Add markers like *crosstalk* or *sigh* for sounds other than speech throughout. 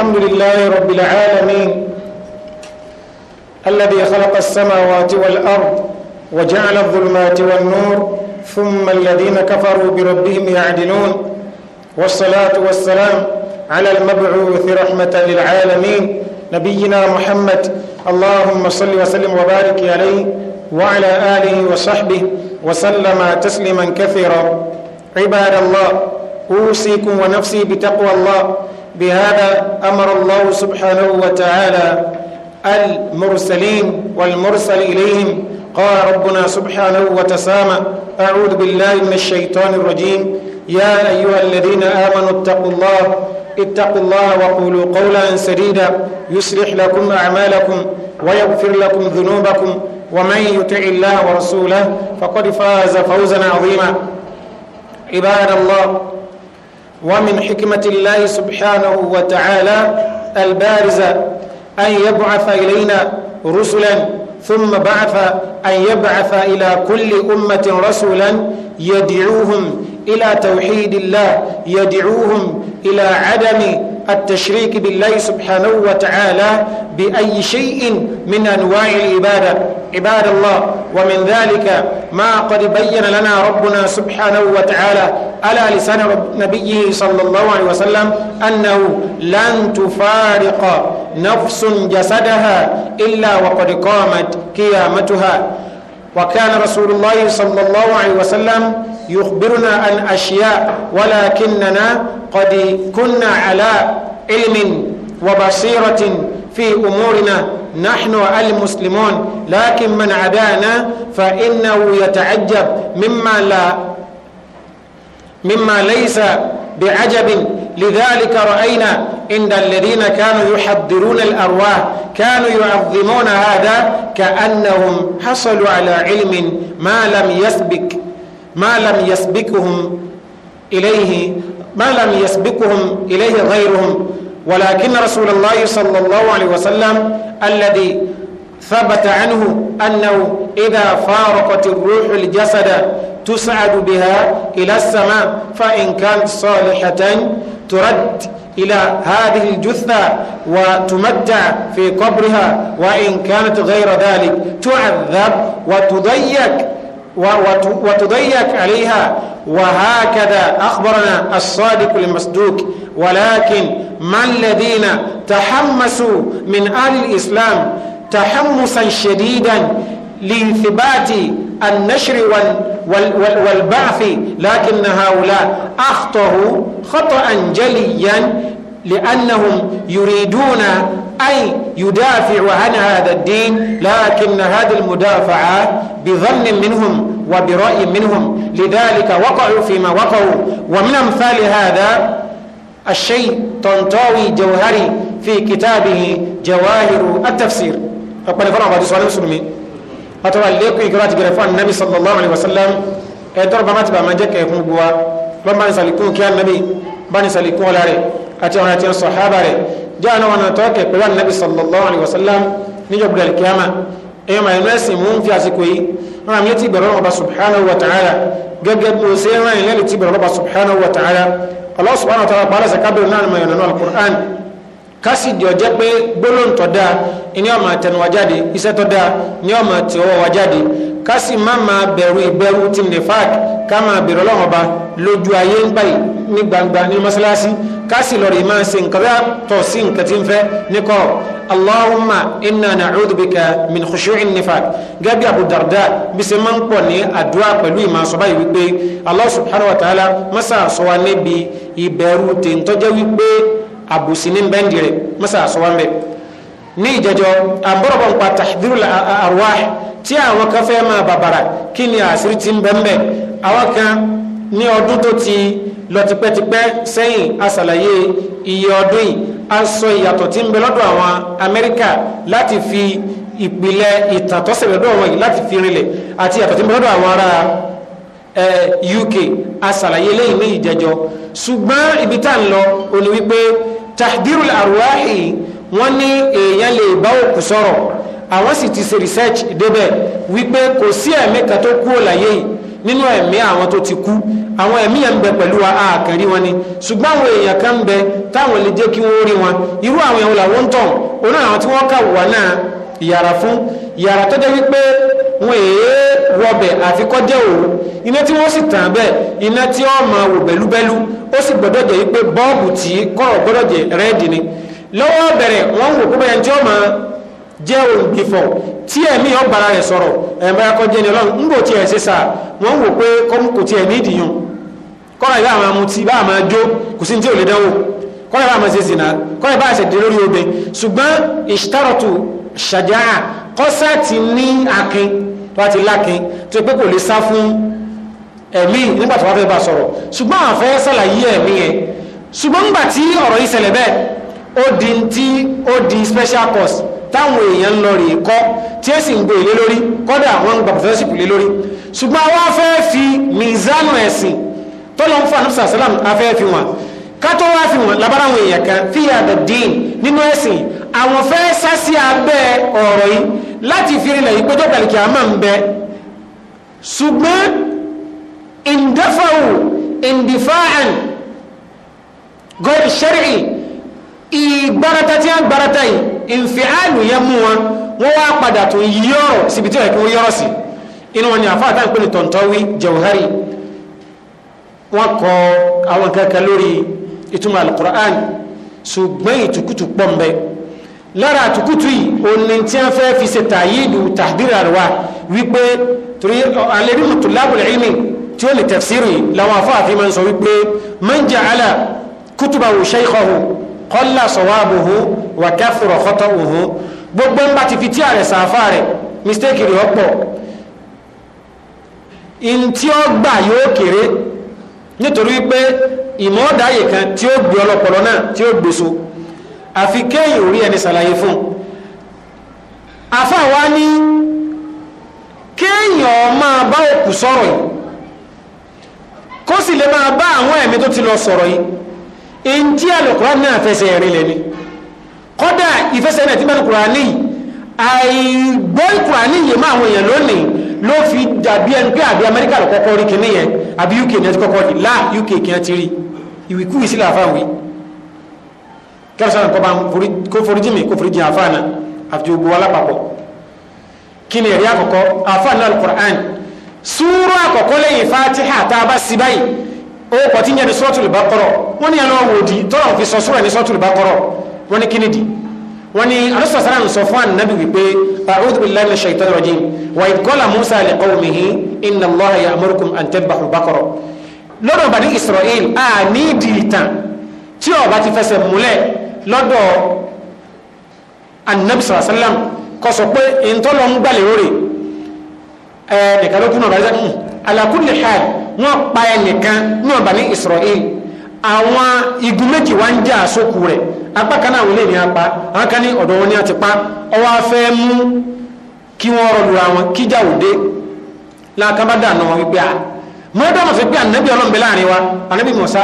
الحمد لله رب العالمين الذي خلق السماوات والأرض وجعل الظلمات والنور ثم الذين كفروا بربهم يعدلون والصلاة والسلام على المبعوث رحمة للعالمين نبينا محمد اللهم صل وسلم وبارك عليه وعلى آله وصحبه وسلم تسليما كثيرا عباد الله أوصيكم ونفسي بتقوى الله بهذا أمر الله سبحانه وتعالى المرسلين والمرسل إليهم قال ربنا سبحانه وتسامى أعوذ بالله من الشيطان الرجيم يا أيها الذين آمنوا اتقوا الله اتقوا الله وقولوا قولا سديدا يصلح لكم أعمالكم ويغفر لكم ذنوبكم ومن يطع الله ورسوله فقد فاز فوزا عظيما عباد الله ومن حكمة الله سبحانه وتعالى البارزة أن يبعث إلينا رسلا ثم بعث أن يبعث إلى كل أمة رسولا يدعوهم إلى توحيد الله يدعوهم إلى عدم التشريك بالله سبحانه وتعالى بأي شيء من أنواع العبادة عباد الله ومن ذلك ما قد بين لنا ربنا سبحانه وتعالى على لسان نبيه صلى الله عليه وسلم أنه لن تفارق نفس جسدها إلا وقد قامت قيامتها وكان رسول الله صلى الله عليه وسلم يخبرنا عن أشياء ولكننا قد كنا على علم وبصيرة في أمورنا نحن المسلمون لكن من عدانا فإنه يتعجب مما لا مما ليس بعجب لذلك رأينا إن الذين كانوا يحضرون الأرواح كانوا يعظمون هذا كأنهم حصلوا على علم ما لم يسبق ما لم يسبقهم إليه ما لم يسبقهم إليه غيرهم ولكن رسول الله صلى الله عليه وسلم الذي ثبت عنه أنه إذا فارقت الروح الجسد تسعد بها إلى السماء فإن كانت صالحة ترد إلى هذه الجثة وتمتع في قبرها وإن كانت غير ذلك تعذب وتضيق وتضيق عليها وهكذا أخبرنا الصادق المصدوق ولكن ما الذين تحمسوا من أهل الإسلام تحمسا شديدا لانثبات النشر والبعث لكن هؤلاء أخطأوا خطأ جليا لأنهم يريدون أن يدافعوا عن هذا الدين لكن هذه المدافعة بظن منهم وبرأي منهم لذلك وقعوا فيما وقعوا ومن أمثال هذا الشيء تنطوي جوهري في كتابه جواهر التفسير أقبل فرع بعد سؤال مسلمي أتوى ليكو إقرات جرفان النبي صلى الله عليه وسلم أدرب ما تبع ما جاك يكون بوا لما نسألكم كيان النبي بني سألكم ولا رأي àti àwọn àti sọ̀hábà rẹ̀ jẹ́ àwọn ọ̀nà tó kẹ̀ pẹ̀lú ànábì sallallahu alayhi wa sallam níjọba ìdàlẹ̀ kíámà ẹ̀yọ́ màá ẹ̀mẹ́ sì mú ń fi àsìkò yìí wọn àmì ti gbẹ̀rọ ọba subhanahu wa ta'ala gẹ́gẹ́ bí o ṣe ń rán ìlẹ́ni ti gbẹ̀rọ ọba subhanahu wa ta'ala Allah subhanahu wa ta'ala pàálẹ̀ sàkábẹ̀rẹ̀ náà mọ̀ ìrànlọ́ al-Qur'an kásìdì ọjẹ́ pé gbólóhùn tó dáa ni ọmọ àtẹnuwa jáde iṣẹ́ tó dáa ni ọmọ àti ọwọ́ wa jáde kásì má máa bẹ̀rù ìbẹ̀rù tí nìfàk ká máa bẹ̀rù ọlọ́run ọba lójú ayé ń báyìí ní gbangba ní mọ́sálásí kásì lọ́rọ̀ yìí máa ṣe nǹkan bá tọ̀ sí nǹkan tí ń fẹ́ níkọ́ allahumma inna na'udhu min khushu'i nifaq gẹ́gẹ́ abu darda bí ṣe máa ń pọ̀ ní àdúrà pẹ̀lú ìmọ̀ subhanahu wa ta'ala masa àṣọ wa níbi ìbẹ̀rù tèǹtọ́jẹ́ wípé àbòsí ní bẹ́ndì rẹ̀ mọ́sà àsọwọ́n bẹ́ẹ̀ ní ìjẹjọ́ àbúrọ̀bọ̀ ń pa tàbírù àrùwá tí àwọn kan fẹ́ máa bàbàrà kí ni àṣírí ti ń bẹ́ńbẹ́ ti lọ tipẹ́tipẹ́ sẹ́yìn iye ọdún yìí a sọ ìyàtọ̀ tí ń bẹ lọ́dọ̀ àwọn Amẹ́ríkà láti fi ìpìlẹ̀ ìtàn tó ṣẹlẹ̀ lọ́dọ̀ àwọn yìí lati fi rinlẹ̀ àti ìyàtọ̀ tí ń bẹ lọ́dọ̀ àwọn ará UK aṣàlàyé lẹ́yìn ní ìjẹjọ́ ṣùgbọ́n ibi tá à ń lọ òní tahdiru arwahi wọ́n ní èèyàn lè bá òkú sọ̀rọ̀ àwọn sì ti ṣe research débẹ̀ wípé kò sí ẹ̀mí kan tó kú òláyé yìí nínú ẹ̀mí àwọn tó ti kú àwọn ẹ̀mí yẹn ń bẹ pẹ̀lú wa àkàrí wọn ni ṣùgbọ́n àwọn èèyàn kan ń bẹ táwọn lè jẹ́ kí wọ́n rí wọn irú àwọn èèyàn làwọn ń tàn òun náà àwọn tí wọ́n kà wà náà yàrá fún yàrá tó jẹ́ wípé wọ́n èèyàn wọbẹ̀ àfikọ́jẹ́ òru iná tí wọ́n sì tàn bẹ́ẹ̀ iná tí ó máa wò bẹ́lúbẹ́lú ó sì gbọ́dọ̀ jẹ́ wípé bọ́ọ̀bù tí kọ́rọ̀ gbọ́dọ̀ jẹ́ rẹ́ẹ̀dì ni lọ́wọ́ bẹ̀rẹ̀ wọ́n wò púpọ̀ ẹni tí ó máa jẹ́ òǹkìfọ̀ tí ẹ̀mí ọgbàrá rẹ̀ sọ̀rọ̀ ẹ̀mẹ́ra kọjẹ́ ni ọlọ́run ń bò tí ẹ̀ ṣe sà wọ́n wò pé kò tí ẹ̀ ní ìdìyàn kọ́ra ìbá àwọn amutí bá àmà jó kò sí ní tí ò lè dánwò kọ́ra ìbá àmà ṣe sìnà kọ́ra ìbá àṣẹ dé lórí obìn ṣùgbọ́n ìṣtàrọ̀tù ṣàjáà kọ́sà ní akin tó a ti lákin tó yẹ pé kò lè sá fún ẹ̀mí nígbà tó bá fẹ́ bá sọ̀rọ̀ ṣùgbọ́n àfẹ́ sàlàyé ẹ̀mí yẹn ṣùgbọ́n nígbà tí ọ̀rọ̀ yìí ṣẹlẹ̀ bẹ́ẹ̀ ó di tí ó di special course táwọn èèyàn lọ rèé kọ́ tí ó sì ń gbé ilé lórí kọ́dà wọ́n ń gba professorship lé lórí ṣùgbọ́n àwa fẹ́ fi mizanu ẹ̀sìn tó lọ ń fún àdúrà sàlám afẹ́ fi wọn kátó wá fi wọn labara àwọn èèyàn kan fi àdà dín nínú ẹ̀sìn àwọn fẹ́ sá sí abẹ́ ọ̀rọ̀ yìí láti fi rinlẹ̀ yìí péjọ́ kàlìkì àmà ń bẹ ṣùgbọ́n ìndẹ́fàwò ìndìfáàn gọ́ọ̀rì ṣẹ́rì ìgbárata tí a ń gbárata yìí ìfìhánù yẹn mú wọn wọ́n wá padà tó yí yọ̀rọ̀ síbi tí ó yẹ kí wọ́n yọ̀rọ̀ sí inú wọn ni àfáà táwọn pè ní tọ̀ntọ́wí jẹ̀wọ̀hárì wọ́n kọ àwọn kankan lórí ìtumọ̀ alukur'an ṣùgbọ́n ìtukutu pọ̀ ń bẹ lára àtukutu yìí òní tí wọ́n fẹ́ fi ṣe tàyídù tàbírí àríwá wípé torí alẹ́bí mutulabul ilmi tí ó lè tafsiri làwọn afáàfin máa ń sọ wípé man ja'ala kutubahu shaykhahu qalla sawabuhu wa kathura nítorí wípé ìmọ̀ọ́dáyè kan tí ó gbé ọlọ́pọlọ náà tí ó gbèso àfi kéyìn orí ẹni ṣàlàyé fún un àfáàwá ní kéèyàn máa bá òkú sọ̀rọ̀ yìí kó sì lè máa bá àwọn ẹ̀mí tó ti lọ sọ̀rọ̀ yìí èyí tí àlùkùrá náà fẹsẹ̀ rinlẹ̀ ni kódà ìfẹsẹ̀ náà ti bá àlùkùrá níyì àìgbọ́ ìkùrá níyì máa àwọn èèyàn lónìí ló fi dàbí ẹni pé àbí amẹ́ríkà lọ kọ́kọ́ rí kìíní yẹn àbí uk ní ẹ ti kọ́kọ́ rí láà uk kìí ti rí ìwìkúwì sí làáfáà wí kẹrìsàn kọ́ bá kó foríjì mi kó foríjì àáfáà náà àti gbogbo alápapọ̀ kí ni ẹ̀rí àkọ́kọ́ àáfáà náà alukur'an súúrù àkọ́kọ́ lẹ́yìn fatiha tá a bá sí báyìí ó kọ́ tí ń yẹ ní sọ́ọ̀tù lùbákọ́rọ̀ di wọ́n ní alásàsára ń sọ fún ànábì wípé a'udhu billahi minash shaitanir rajim wa idh qala musa li qawmihi inna allaha ya'murukum an tadhbahu baqara lọ́dọ̀ bani israel a ní ìdí ìtàn tí ó ti fẹsẹ̀ múlẹ̀ lọ́dọ̀ annabi sàlám kó pé ìntọ́lọ́ ń gbàlè rórè ẹ̀ẹ́dẹ̀kẹ́ ló kún náà bá rí sẹ́kùn hmm, ala kulli hal wọ́n pa ẹnìkan náà bani israel àwọn igun méjì wá ń jà sókù rẹ̀ apá kan náà àwọn ilé ní apá àwọn kan ní ọ̀dọ̀ wọn ní àti pa ọwọ́ afẹ́ mú kí wọ́n rọlùra wọn kíjà òde lákàbádà náà wọn wípé à mọ́tò ma fi pé anabi ọlọ́mọbẹ láàrin wa anabi musa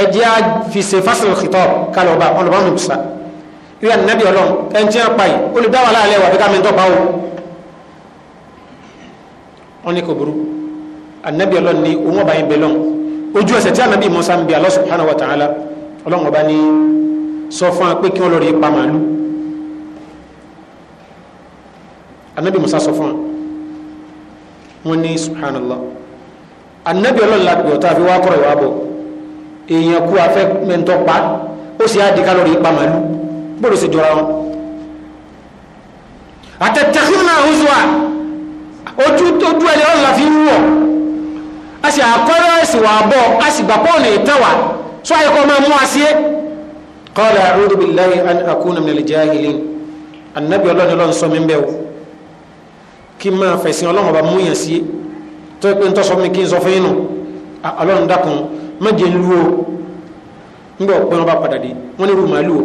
ẹ̀jẹ̀ á fi ṣe fásitì kìtọ́ kálọ̀ ọba ọlọ́ba musa ìwé anabi ọlọ́m ẹ̀ńtí apá yìí olùdáwà láàlẹ́ wà bí ká mi tọ́ o. wọ́n ní kò burú anabi ọlọ́m ní òun ọba yẹn bẹ lọ́n ojú ẹsẹ̀ tí anabi musa ń bi Allah subhanahu wa ta'ala ọlọ́run ọba ní sọ fún wa pé kí wọ́n lọ rí pa màálù anabi musa sọ fún wa wọ́n ní Allah, anabi ọlọ́run la gbọ́ a fi wá kọ́rọ̀ ìwà bọ̀ èèyàn kú afẹ́ mẹ́ntọ́ pa ó sì á di ká lọ rí pa màálù gbọ́dọ̀ sì jọra wọn àtẹ̀tẹ̀kùnà huzwa ojú ojú ẹ̀yọ́ la fi ń wọ̀ a sì àkọ́rọ́ ẹ̀sìn wà bọ́ a sì gbà pọ́ọ̀nù ìtawà sọ àyẹ̀kọ́ máa mú àṣìyẹ. qala a'udhu billahi an akuna minal jahilin anabi ọlọ́ni ọlọ́ni sọ mi ń bẹ̀ o kí n máa fẹ̀sìn ọlọ́run ọba múyàn sí tó pé ń tọ́ sọ kí n sọ fún yín nù ọlọ́run dákun má jẹ́ o ń bọ̀ pé wọ́n bá padà dé wọ́n ní rúùmù o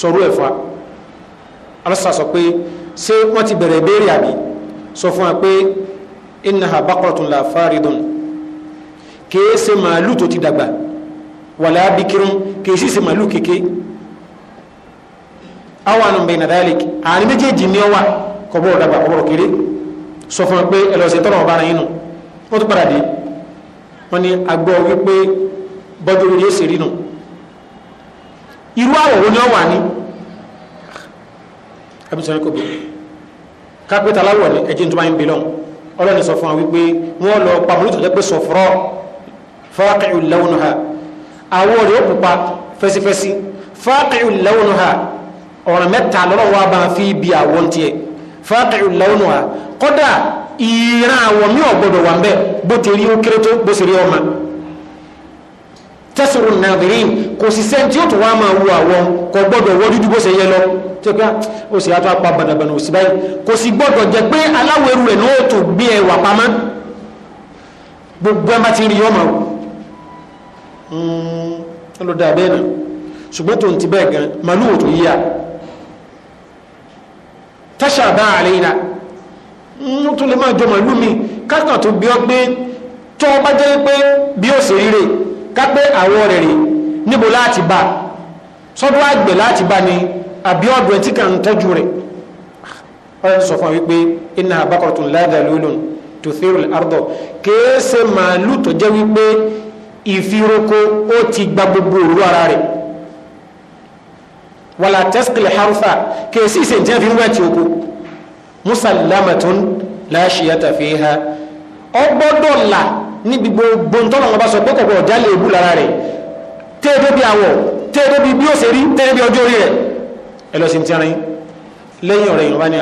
sọ̀rọ̀ ẹ̀fà alásà sọ pé ṣé ti bẹ̀rẹ̀ ìbéèrè àbí sọ fún innaha baqaratun la faridun kìí ṣe màálù tó ti dàgbà wàlá bikirun kìí sì ṣe màálù kéke awọn bayna dhalik àní méjèèjì ní ọwà kọ̀bọ̀ dàgbà kọ̀bọ̀ kéré sọ fún mi pé ẹlọ́sẹ̀ tọrọ ọba ara yín nù wọ́n tún padà dé wọ́n ní agbọ́ wípé bọ́jú orí èsì rí nù irú àwọ̀ wo ni ọ wà ní abisani kò bí ni ẹ̀jẹ̀ tó bá ń bi ọlọ́ni sọ fún wa wípé wọ́n lọ pa mọ́lútù jẹ́ pé sọ̀fọ́rọ́ fáàkìrì lẹ́wọ̀n ha àwọn rẹ̀ ó pupa fẹsifẹsi fáàkìrì lẹ́wọ̀n ha ọ̀ràn mẹ́ta lọ́rọ̀ wa bá fi bí àwọn tiẹ̀ fáàkìrì lẹ́wọ̀n ha kọ́dà ìran àwọn mi ò gbọdọ̀ wà ń bẹ́ bó ti rí ó kéré tó bó sì rí ọmọ tẹ́sùrù nàbìrín kò sì sẹ́ni tí ó tún wá máa wu àwọn kò gbọ́dọ̀ wọ́ dúdú bó ṣe yẹ lọ tí ó pé ah, ó sì àtọ́ apá bàdàbàdà òsì báyìí kò sì gbọ́dọ̀ jẹ́ pé aláwọ̀ eru rẹ̀ náà tó gbé ẹwà pamọ́ gbogbo ẹ bá ti rí ọmọ ọ hmm, lọ bẹ́ẹ̀ náà ṣùgbọ́n tó ń ti bẹ́ẹ̀ gan màlúù ò tó yíya tẹ́ṣà bá àlẹ́ yìí ń tún lè máa jọ màlúù mi kákan tó ọ pé tọ́ bá jẹ́ pé bí ó ṣe rí rèé kápẹ́ àwọn rẹ̀ rẹ̀ níbo láti bá sọ́dọ̀ àgbẹ̀ láti bá ni àbí ọ̀dọ̀ tí kà ń tọ́jú rẹ̀ ọ̀rẹ́ sọ fún wa wípé iná àbákọ̀tún láàdà lólùn tó harufa kéésì ìsèǹtẹ́ fi ń wẹ̀ tí o kú musallamatun láṣìyàtà fi ha ọgbọ́dọ̀ níbi gbogbo tọ́nà wọn bá sọ pé kọ̀kọ̀ jálè ebú lára rẹ̀ téèdé bí àwọ̀ téèdé bí bí ó ṣe rí téèdé bí ọjọ́ orí rẹ̀ ẹ ti rìn lẹ́yìn ọ̀rẹ́ yorùbá ni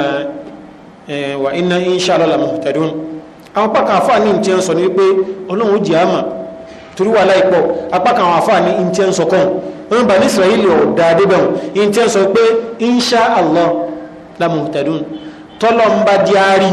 wà iná insha Allah muhtadun àwọn pàkà àfà ní ìtì ń sọ ní wípé ọlọ́run ó jì á mà torí wà láìpọ̀ apá kan àwọn àfà ní ìtì ń sọ kàn wọn bá ní Israeli ọ̀dà adébẹ̀wọ̀n ìtì ń sọ pé insha Allah muhtadun tọ́lọ́ ń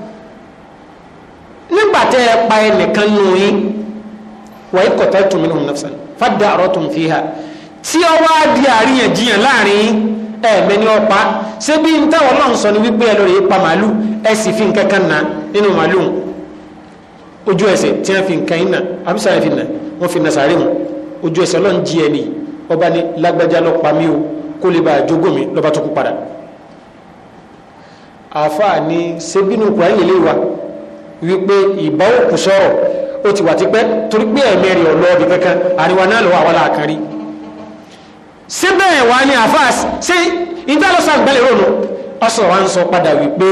nígbà tẹ́ ẹ pa ẹnìkan nù yín wàá kọ̀tẹ́ tùmínú nafsan fàdà àrọ́ tùm fi hà tí ọ wá di àríyànjiyàn láàrin ẹ̀ẹ̀mẹ́ ni ọpa ṣé bí n táwọn náà ń sọ ni wípé ẹ lórí pa màálù ẹ sì fi nǹkan kan nà nínú màálù ojú ẹsẹ̀ tí wọ́n fi nǹkan yín nà àbísà fi nà wọ́n fi nà sàárè mu ojú ẹsẹ̀ ọlọ́run jí ẹ nìyí ọba ni lágbájá lọ pa o kó lè bá àjogún mi lọ́ba tó kú padà àáfàá ni ṣé bínú kùrán yìí lè wípé ìbá òkú sọ̀rọ̀ ó ti wà tipẹ́ torí pé ẹ̀mí rẹ̀ ọ̀lọ́ ọ̀bì kankan àríwá náà lọ́wọ́ àwọn làákan rí síbẹ̀ wà ní àfáàs sí ìdálọ́sà gbẹ́lẹ̀ rònú ọ̀sọ̀ wa ń sọ padà wípé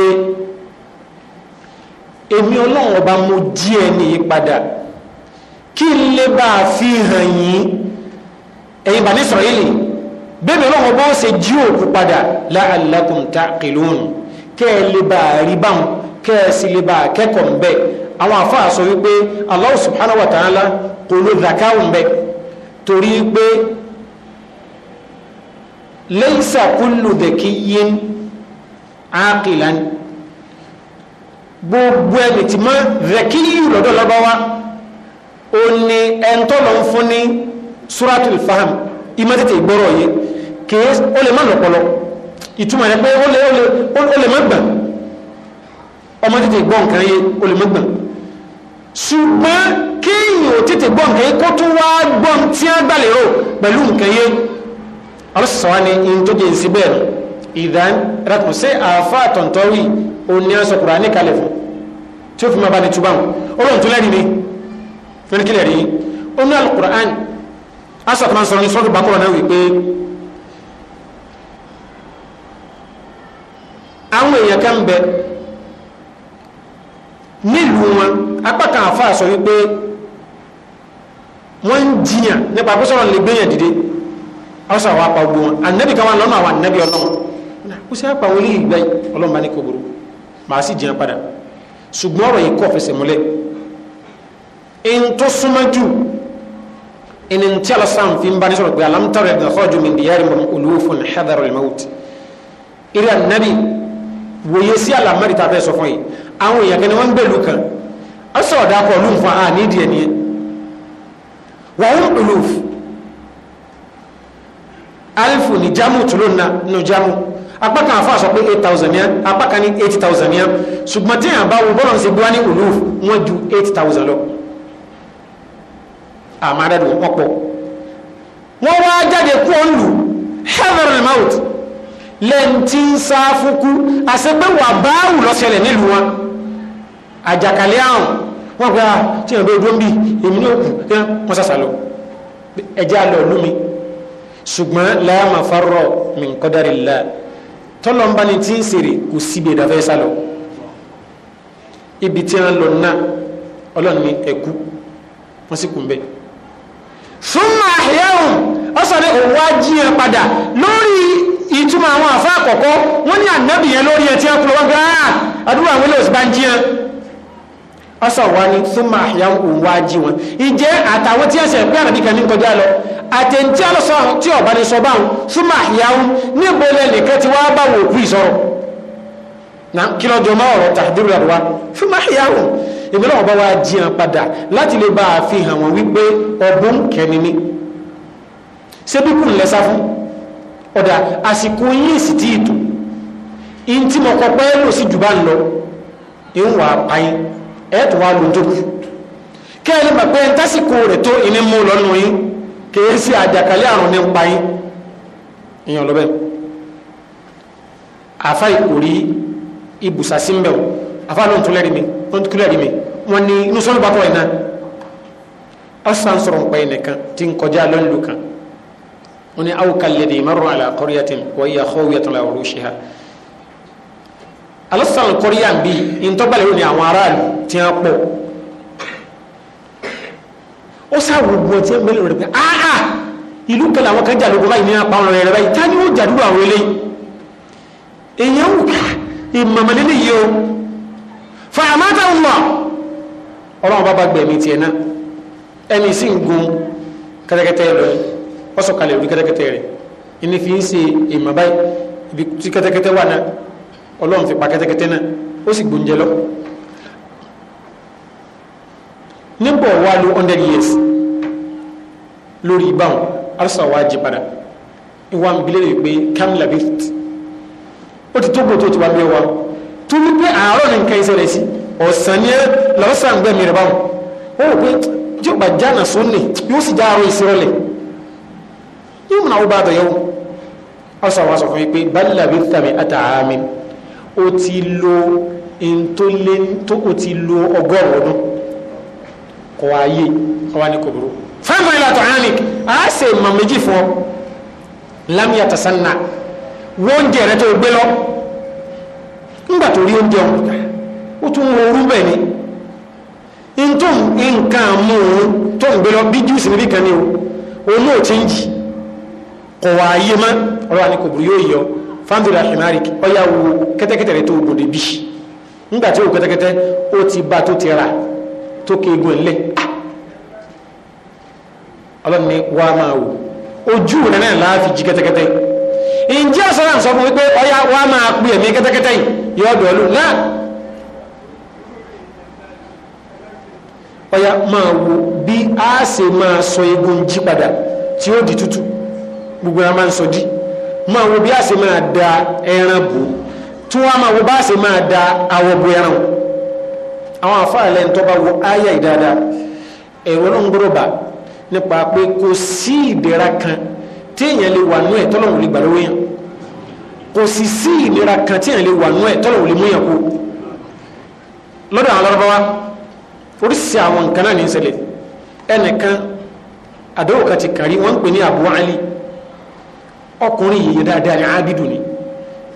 èmi ọlọ́run ọba mo díẹ̀ ní padà kí n lè bá a fi hàn yín ẹ̀yin bàní Ísírẹ́lì bẹ́ẹ̀ ọlọ́run ọba ó ṣe jí òkú padà la'allakum ta'qilun kẹ́ ẹ lè bá a rí báwọn kẹ́ẹ̀sìlébà akẹ́kọ̀ọ́ ń bẹ àwọn àfáà sọ wípé Allah subhanahu wa ta'ala kò ló zakáwù ń bẹ torí pé laysa kullu dhakiyyin aqilan gbogbo ẹni tí mọ́ zakiyu lọ́dọ̀ lọ́bọ́wá ó ní ẹ̀ńtọ́ lọ ń fún ní suratul faham ìmọ̀tètè ìgbọ́rọ̀ yìí kì ó lè má lọ́pọlọ ìtumọ̀ rẹ̀ pé ó lè má gbà ọmọ tètè gbọ́ nǹkan yé olùmọ́gbọ̀n ṣùgbọ́n kéèyàn ò tètè gbọ́ nǹkan yé kó tún wá gbọ́ tí wọ́n gbà lérò pẹ̀lú nǹkan yé ọlọ́sọ̀sọ̀ wa ni ihun tó jẹ́ ìsí bẹ́ẹ̀ ìdán rẹpùn sí àáfàá tọ̀ntọ́rì òní aṣọ Kùránì kalẹ̀ fún tí ó fi máa bá ní túbà Ọlọ́run tó lẹ́rìí ni fẹ́ni kílẹ̀ rí ó ní Al-Qur'an aṣọ àtúmọ̀ sọ̀rọ̀ ní sọ́dún bákọ̀rọ̀ náà wípé àwọn èèyàn kan bẹ nílùú wọn apákan àfáà sọ wípé wọ́n ń jiyàn nípa pé sọ́rọ̀ lè gbéyàn dìde ọ̀sà wa pa gbogbo wọn ànábì kan wà lọ́nà àwọn ànábì ọlọ́run ó sì àpà wọlé ìgbà yìí ọlọ́run bá ní kò burú màá sì jiyàn padà ṣùgbọ́n ọ̀rọ̀ yìí kò fẹsẹ̀ múlẹ̀ ẹni tó súnmọ́ jù ẹni tí alásán fi ń bá ní sọ̀rọ̀ pé alámútàrọ̀ ẹ̀dá kọ́jú mi di yára mọ̀mọ́ olúwòfún hadar al wòye sí àlàmárì tá fẹ́ sọ fún yìí àwọn èèyàn kan ni wọ́n ń gbèlú kan ó sọ ọ̀dà pọ̀ lóun fún àní ah, ìdí ẹni wọ́n ń pèlú alifu ni jamu tó lónà nínú jamu apá kan àfa sọ pé eight thousand yẹn apá kan ní eight thousand yẹn ṣùgbọ́n tí èèyàn bá wo bọ́lọ̀ ń ṣe bí wọ́n ní olú wọ́n ju eight thousand lọ àmọ́ adádùn wọn pọ̀ wọ́n wá jáde kú ọ̀n lù heaven and mouth lẹ́yìn ń sá fún kú àṣepẹ́wà báwù lọ́sẹ̀lẹ̀ nílùú wọn àjàkálẹ̀ àrùn wọ́n pẹ́ ah, tí ìrìnbó dúró ń bí èmi ní òkú rán wọ́n sàṣà lọ ẹjẹ́ àlọ́ lómi ṣùgbọ́n láàmà fárọ̀ mi ń kọ́dárì lá tọ́lọ̀ ń bá ní tí ń sèrè kò síbi ìdáfẹ́ sálọ ibi tí wọ́n lọ náà ọlọ́run ní ẹ̀kú wọ́n sì kún bẹ́ẹ̀ súnmọ́ àyẹ̀wò ọ̀sán ní òwò ají padà lórí ìtumọ̀ àwọn àfa àkọ́kọ́ wọ́n ní ànábì lórí ẹ̀ tí wọ́n kúrò wọ́n gbé àdúrà àwọn ilé bá ń jí ọsọ wa ni súnmọ àyàn òun wá jí wọn ìjẹ àtàwọn tí ẹsẹ pé àràbí kan ní kọjá lọ àtẹntí àlọsọ tí ọba ní sọ báwọn súnmọ àyàn níbo lẹnìkan ti wá bá wò kú ìsọ̀rọ̀ na kìlọ̀ jọ máa ọ̀rọ̀ tàdúrà wa súnmọ àyàn ìgbélé ọba wa jí hàn padà láti lè bá a fi hàn wọn wípé ọbùn kẹni ni sẹbíkù ńlẹsà fún ọdà àsìkò yìí sì ti ìtò ìntìmọ̀kọ pẹ́ lò sí jù lọ ìwà pààyàn ẹ̀ẹ́tù wa ló jókù kí ẹ lè mọ̀ pé tásìkò rẹ̀ tó ìní mú lọ́nu yín kìí sí àjàkálẹ̀ àrùn ní pa yín èèyàn lọ́bẹ̀ àfa ìkò rí ibùsà sí mbẹ̀ o àfa ló ń tún lẹ́rìí mi ó ń tún lẹ́rìí mi wọ́n ní inú sọ́nù bá pọ̀ yìí náà ọ̀sán sọ̀rọ̀ ń pa yìí nìkan tí ń kọjá lọ́nlù kan wọ́n ní awùkà lẹ́dí marra ala qaryatin wa hiya khawiyatun ala urushiha alásàlù kọ́ríyà ń bí ìntọ́gbàlẹ̀ ló ní àwọn aráàlú tí wọ́n pọ̀ ó sáwò gbọ́n tí wọ́n mẹ́lẹ̀ rẹ̀ pé áhà ìlú kan làwọn kan jà lógun báyìí ní apá ọ̀rọ̀ rẹ̀ báyìí tá ni ó jà dúró àwọn eléyìí èèyàn wù ká ìmọ̀mọ̀lẹ́ nìyí o fàmátà ń lọ ọlọ́run bá bá gbẹ̀mí tiẹ̀ náà ẹni sì ń gun kẹ́tẹ́kẹ́tẹ́ lọ ọ̀sọ̀kalẹ̀ òbí kẹ́tẹ́kẹ́tẹ́ rẹ̀ fi ń ṣe ibi tí kẹ́tẹ́kẹ́tẹ́ wà náà ọlọ́run fi pa kẹ́tẹ́kẹ́tẹ́ náà ó sì gbóúnjẹ lọ nígbà wà ló hundred years lórí ìbáwọn arsa wa jí padà ìwà ń bilẹ̀ wípé kamla bift ó ti tó gbòtó ti wà mí wa tó ní pé àárọ̀ ní nǹkan ìṣẹ̀lẹ̀ sí ọ̀sán ni lọ́sàn gbẹ̀mí rẹ̀ báwọn ó wò pé tí ó bá jáàna sóní yóò sì já àárọ̀ ìṣirọ́lẹ̀ yóò múna ó bá àtọ̀yẹ̀wò arsa wa sọ fún mi pé balẹ̀ bift tàbí àtàámi o ti lo ntólé tó ó ti lo ọgọ́rùn ọdún kò ayé ọwá ní kò burú fẹ́ẹ̀fọ́ a ṣe ma méjì fún ọ lámìyà tàṣánà wọ́njẹ rẹ tó gbé lọ ńgbà rí oúnjẹ ọ̀hún ó tún mọ ni ntòun nǹkan mú òun tó ń gbé lọ bí júùsì fandira himarik ọya wo kẹ́tẹ́kẹ́tẹ́ rẹ tó o bi nígbà tí o o ti ba tó ti ra tó keegun ẹ̀ ọlọ́ni wà máa wò ojú rẹ̀ náà láàfin jí kẹ́tẹ́kẹ́tẹ́ ǹjẹ́ ọ̀sán àǹsọ́ fún wípé ọya wà máa pè mí kẹ́tẹ́kẹ́tẹ́ yìí yọ ọdọ̀ ọya máa wo bí a ṣe máa sọ egun jí padà tí ó di tútù gbogbo ẹ̀ máa ń sọ jí. máa wo bí a ṣe máa da ẹran bò tí wọ́n máa wo bá a ṣe máa da awọ bo ẹran àwọn afáàlẹ́ ń tọ́ba wo ayé ìdáadáa ẹ̀rọ náà ń gbọ́dọ̀ bá nípa pé kò sí ìdẹ̀ra kan téèyàn lè wà nú ẹ̀ tọ́lọ́run lè gbà lọ́wọ́ yẹn kò sì sí ìlera kan téèyàn lè wà nú ẹ̀ tọ́lọ́run lè mú yẹn kú lọ́dọ̀ àwọn lọ́rọ́bá wa oríṣi àwọn nǹkan náà ní ń ẹnìkan àdéhùn kan ti kàrí wọ́n ń pè ní Abu Ali ọkùnrin yìí dáadáa a ábídù ni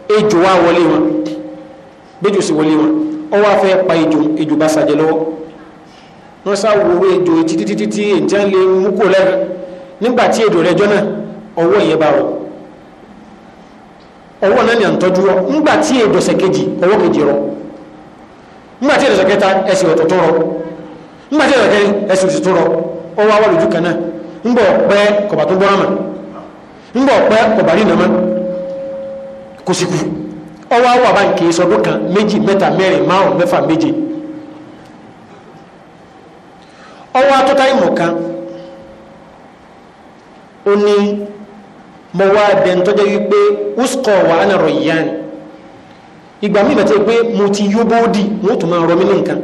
ejò wá wọlé wọn bẹ́jọ sì wọlé wọn ọ wá fẹ́ pa ejò bá sàjẹ́ lọ́wọ́ wọ́n sá wo ejò etí títí lè mú tí ejò rẹ jọ náà ọwọ́ ìyẹn bá ọwọ́ náà ni à ń tọ́jú ọwọ́ kejì rọ ẹsẹ̀ ọ̀tọ̀tọ̀ rọ ẹsẹ̀ rọ ọwọ́ ńgbọ̀ pẹ́ kọ̀bàrí nàmá kò sí kú ọwọ́ àwọn àbá nkè sọdún kan méjì mẹ́ta mẹ́rin márùn mẹ́fà méje ọwọ́ atọ́ta ìmọ̀ kan ó ní mọ wá wípé ni ìgbà mi bàtẹ́ pé mo ti yó rọ mí ní nǹkan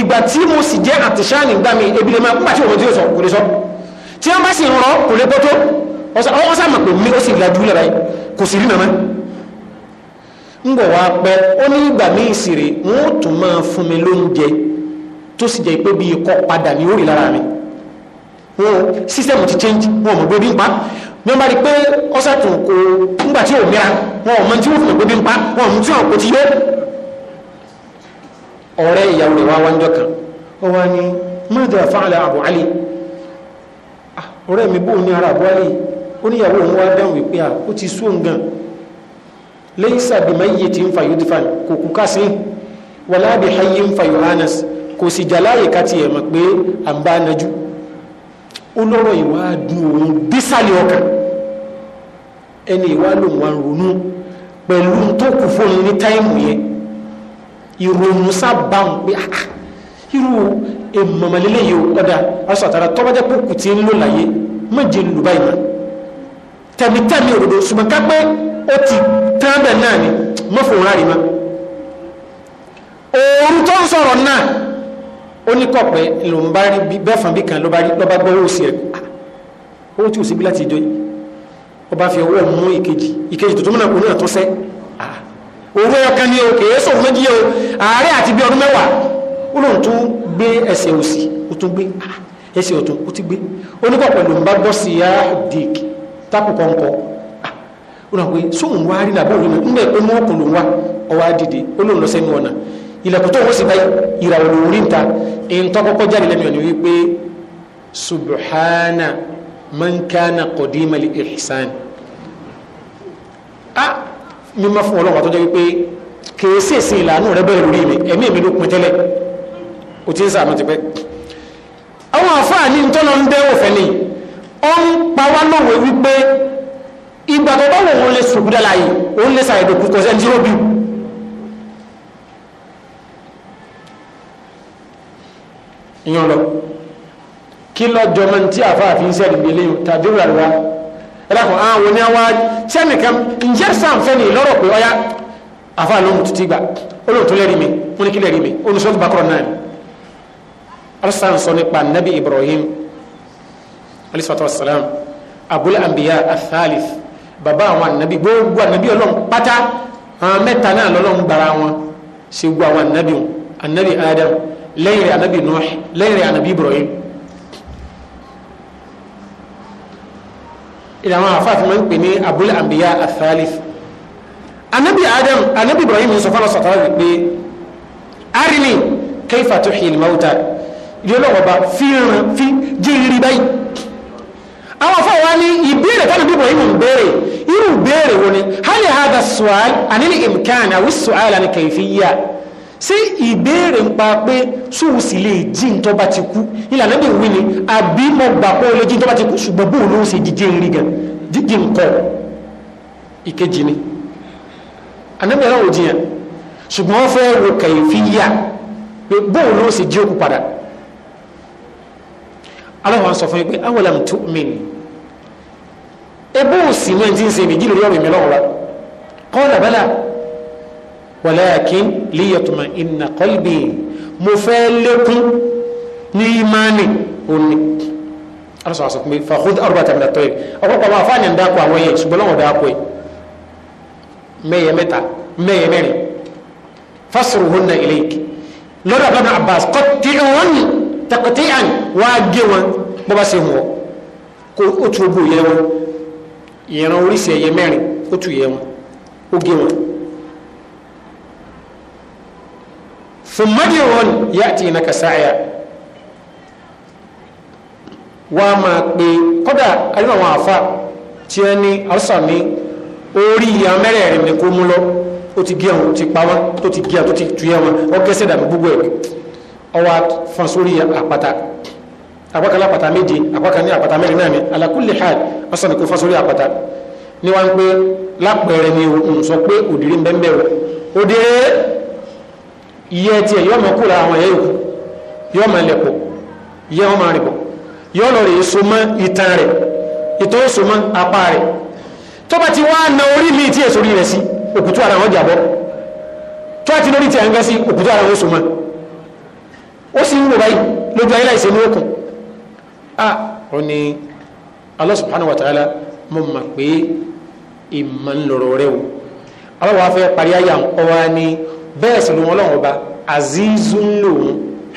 ìgbà tí mo sì jẹ́ àtìsáàlì gbà mí ebi òun tí wọ́n bá sì rọ kò lè gbọ́tó wọ́n sàmà pé mi ó sì lajú lẹ́ra yìí kò sì rí nàmá ń bọ̀ wá pẹ́ ó ní ìgbà mí ìsìrè tún máa fún mi lóúnjẹ tó sì jẹ́ pé bí ikọ́ padà lára mi ti change gbé bí ní bá rí pé tó kó ńgbà tí ò mìíràn tí fún mi gbé bí ń ti ìyàwó wá kan ọ̀rẹ́ mi bóun ní ara àbúrálì oníyàwó òun wá dáhùn wípé à ó ti sóun gan lẹ́yìn sàbìmá iye tí ń fa yudifan kò kú kásí wàláàbí hayé ń fa Yohanes kò sì jàláyè ká tiẹ̀ mọ̀ pé à ń bá nájú ó lọ́rọ̀ ìwà òun dísàlẹ̀ ọkàn ẹni ìwà lòun wà ronú pẹ̀lú tó kù fóun ní táìmù yẹn ìrònú sábà ń pé irú èmọ̀mọ̀lélẹ́ yìí ọ̀dà aṣọ àtàrà tọ́bajẹ́ pòkù tí ń lò láyé méje ń lù báyìí tẹ̀mítẹ̀mí òdodo ṣùgbọ́n kápẹ́ ó ti tán bẹ́ẹ̀ náà ni mọ́fòrán rí ma òòrùn tó ń sọ̀rọ̀ náà ó ní kọ̀pẹ́ ló ń bá rí bẹ́ẹ̀fà bí kan ló bá gbọ́ owó sí ẹ̀ ah, owó tí ò sí bí láti ìjọ yìí ó bá fi ọwọ́ mú ìkejì ìkejì tó múnà kò ní àtúnṣẹ́ ah, òwúrọ̀ kan ní o kèé sòrò méjì o ààrẹ àti bí ọdún mẹ́wàá ó lóun tún gbé ẹsẹ̀ òsì ó tún gbé ah, ẹsẹ̀ ọ̀tún ó ti gbé onígbà pẹ̀lú ń bá gbọ́ sí yahdik tápù kọ̀ǹkọ̀ ah, ó náà pé sóhun wá rí nàbó rí nígbà pé mú ọkùn lòun wá ọwọ́ ó lòun lọ sẹ́nu ọ̀nà ìlẹ̀kùn tó wọ́n sì báyìí ìràwọ̀ lòun rí níta èyí kọ́kọ́ jáde lẹ́nu ọ̀nà wípé subhana man kana qodima li ihsan ah, fún ọlọ́run àtọ́jọ́ wípé kèésì ìsìn ìlànà rẹ bẹ́ẹ̀ lórí mi ẹ̀mí mi ló pin tẹ́lẹ̀ ó ti ń sàánú ti pẹ́ àwọn àfáàní tọ́lọ ń dẹ́wò fẹ́ni ó ń pa wá lówe wípé ìgbà tó bá wòun lè sòkúdà láàyè òun lè sàyẹ̀dòkú kọ̀ọ̀sẹ̀ ń díró bíi ìyàn lọ kí lọ jọmọ tí àfáàfin sẹ́ni ilé tàbí rárá ẹlẹ́kùn àwọn ní àwọn sẹ́nìkan ǹjẹ́ sàǹfẹ́ lọ́rọ̀ pé ọya àfáà ló mú títí gbà olóòtú lẹ́rìí mi wọ́n ní kí lẹ́rìí mi olùsọ́tù bákọ̀rọ̀ náà alasan sọ nípa nabi ibrahim alisatu wasalam abul anbiya athalif baba àwọn anabi gbogbo anabi Ọlọ́run pátá àwọn mẹ́ta náà lọ́lọ́run gbara wọn ṣe gbogbo àwọn anabi wọn anabi adam lẹ́yìn rẹ̀ anabi nuh lẹ́yìn rẹ̀ anabi ibrahim ìlànà àfáàfì máa ń pè ní abul anbiya athalif anabi adam anabi ibrahim sọ fọlọ sọtọ wípé arini kaifa tuhil mauta jọlọ́wọ́ba fi ràn fi jí rí báyìí àwọn afọ wa ní ìbéèrè tánà bí wọ́n yìí ń béèrè irú béèrè wo ni hali hada sual anili imkan awi sual ani kaifiya sí ìbéèrè ń pa pé sóhun sì lè jí ń tọ́ba ti kú ìlànà bí wí ni àbí mo gbà pé o lè jí ń tọ́ba ti kú ṣùgbọ́n bóun ló ń ṣe jíjẹ́ rí gan jíjẹ́ nǹkọ́ ìkejì ni anábìyàn ò jiyàn ṣùgbọ́n wọ́n fẹ́ wo kàyéfì yá pé bóun ló ń ṣe jí òkú padà aláwọ̀ sọ fún yín pé awalam tu'min ebó òsì mọ́ ẹni tí ń ṣe méjì lórí ọ̀rọ̀ ìmìlọ́wọ́ wa qala bala walakin liyatma inna qalbi mo fẹ́ lékún ní ìmánì òní aláṣọ àṣọ pé fàkúndé ọ̀rọ̀ àti àmìlà tọ́yìn ọ̀pọ̀pọ̀ àwọn afáàní ń dáko àwọn yẹn ṣùgbọ́n lọ́wọ́ dáko yìí mẹ́yẹ mẹ́ta mẹ́yẹ mẹ́rin fásirù taqti'an wá gé wọn bó bá ṣe wọ̀ kó o tún gbò yẹ wọn ìran oríṣi ẹ̀yẹ mẹ́rin ó tún yẹ wọn ó gé wọn. thumma dirun ya'tinaka sa'ya wọ́n a máa pe kódà àdínà àwọn àfa tí ní ọ̀sán orí amẹ́rẹ̀ rẹ̀ mi kó mú lọ ó ti gé wọn ó ti pa wọn tó ti gé wọn tó ti tu yẹ wọn ó gẹ́sẹ̀ dàbí gbogbo ẹ̀ ọwọ́ fan ya àpáta àpákan lápáta pata àpákan ní àpáta mẹ́rin náà ni ala kulli hal ọ̀sán ni kò fan sórí ni wọ́n ń pé lápẹ̀rẹ̀ ni òun sọ pé òdìrí bẹ́ẹ̀ o òdìrí iye tiẹ̀ yọ́ mọ̀ kúrò àwọn ẹ̀yẹ́ yòókù yọ́ mọ̀ lẹ̀pọ̀ yẹ́ wọ́n máa rìn bọ̀ yọ́ lọ rèé so mọ́ ìtàn rẹ̀ ìtọ́ so mọ́ apá rẹ̀ tó ti wá na ori mi tí èso rí rẹ̀ sí òkùtù ara wọn jàbọ́ tó àti lórí tí a ń gẹ́ sí ara wọn so mọ́ ó sì ń wò báyìí lójú ayé láìsí ní òkun a ah, ó ní Allah subhanahu wa ta'ala mo mọ̀ pé ìmọ̀ ń lọ̀rọ̀ rẹ o àwọn wàá fẹ́ parí ayé àwọn ọwọ́ ni bẹ́ẹ̀ sì lòun ọlọ́run ọba azizun lòun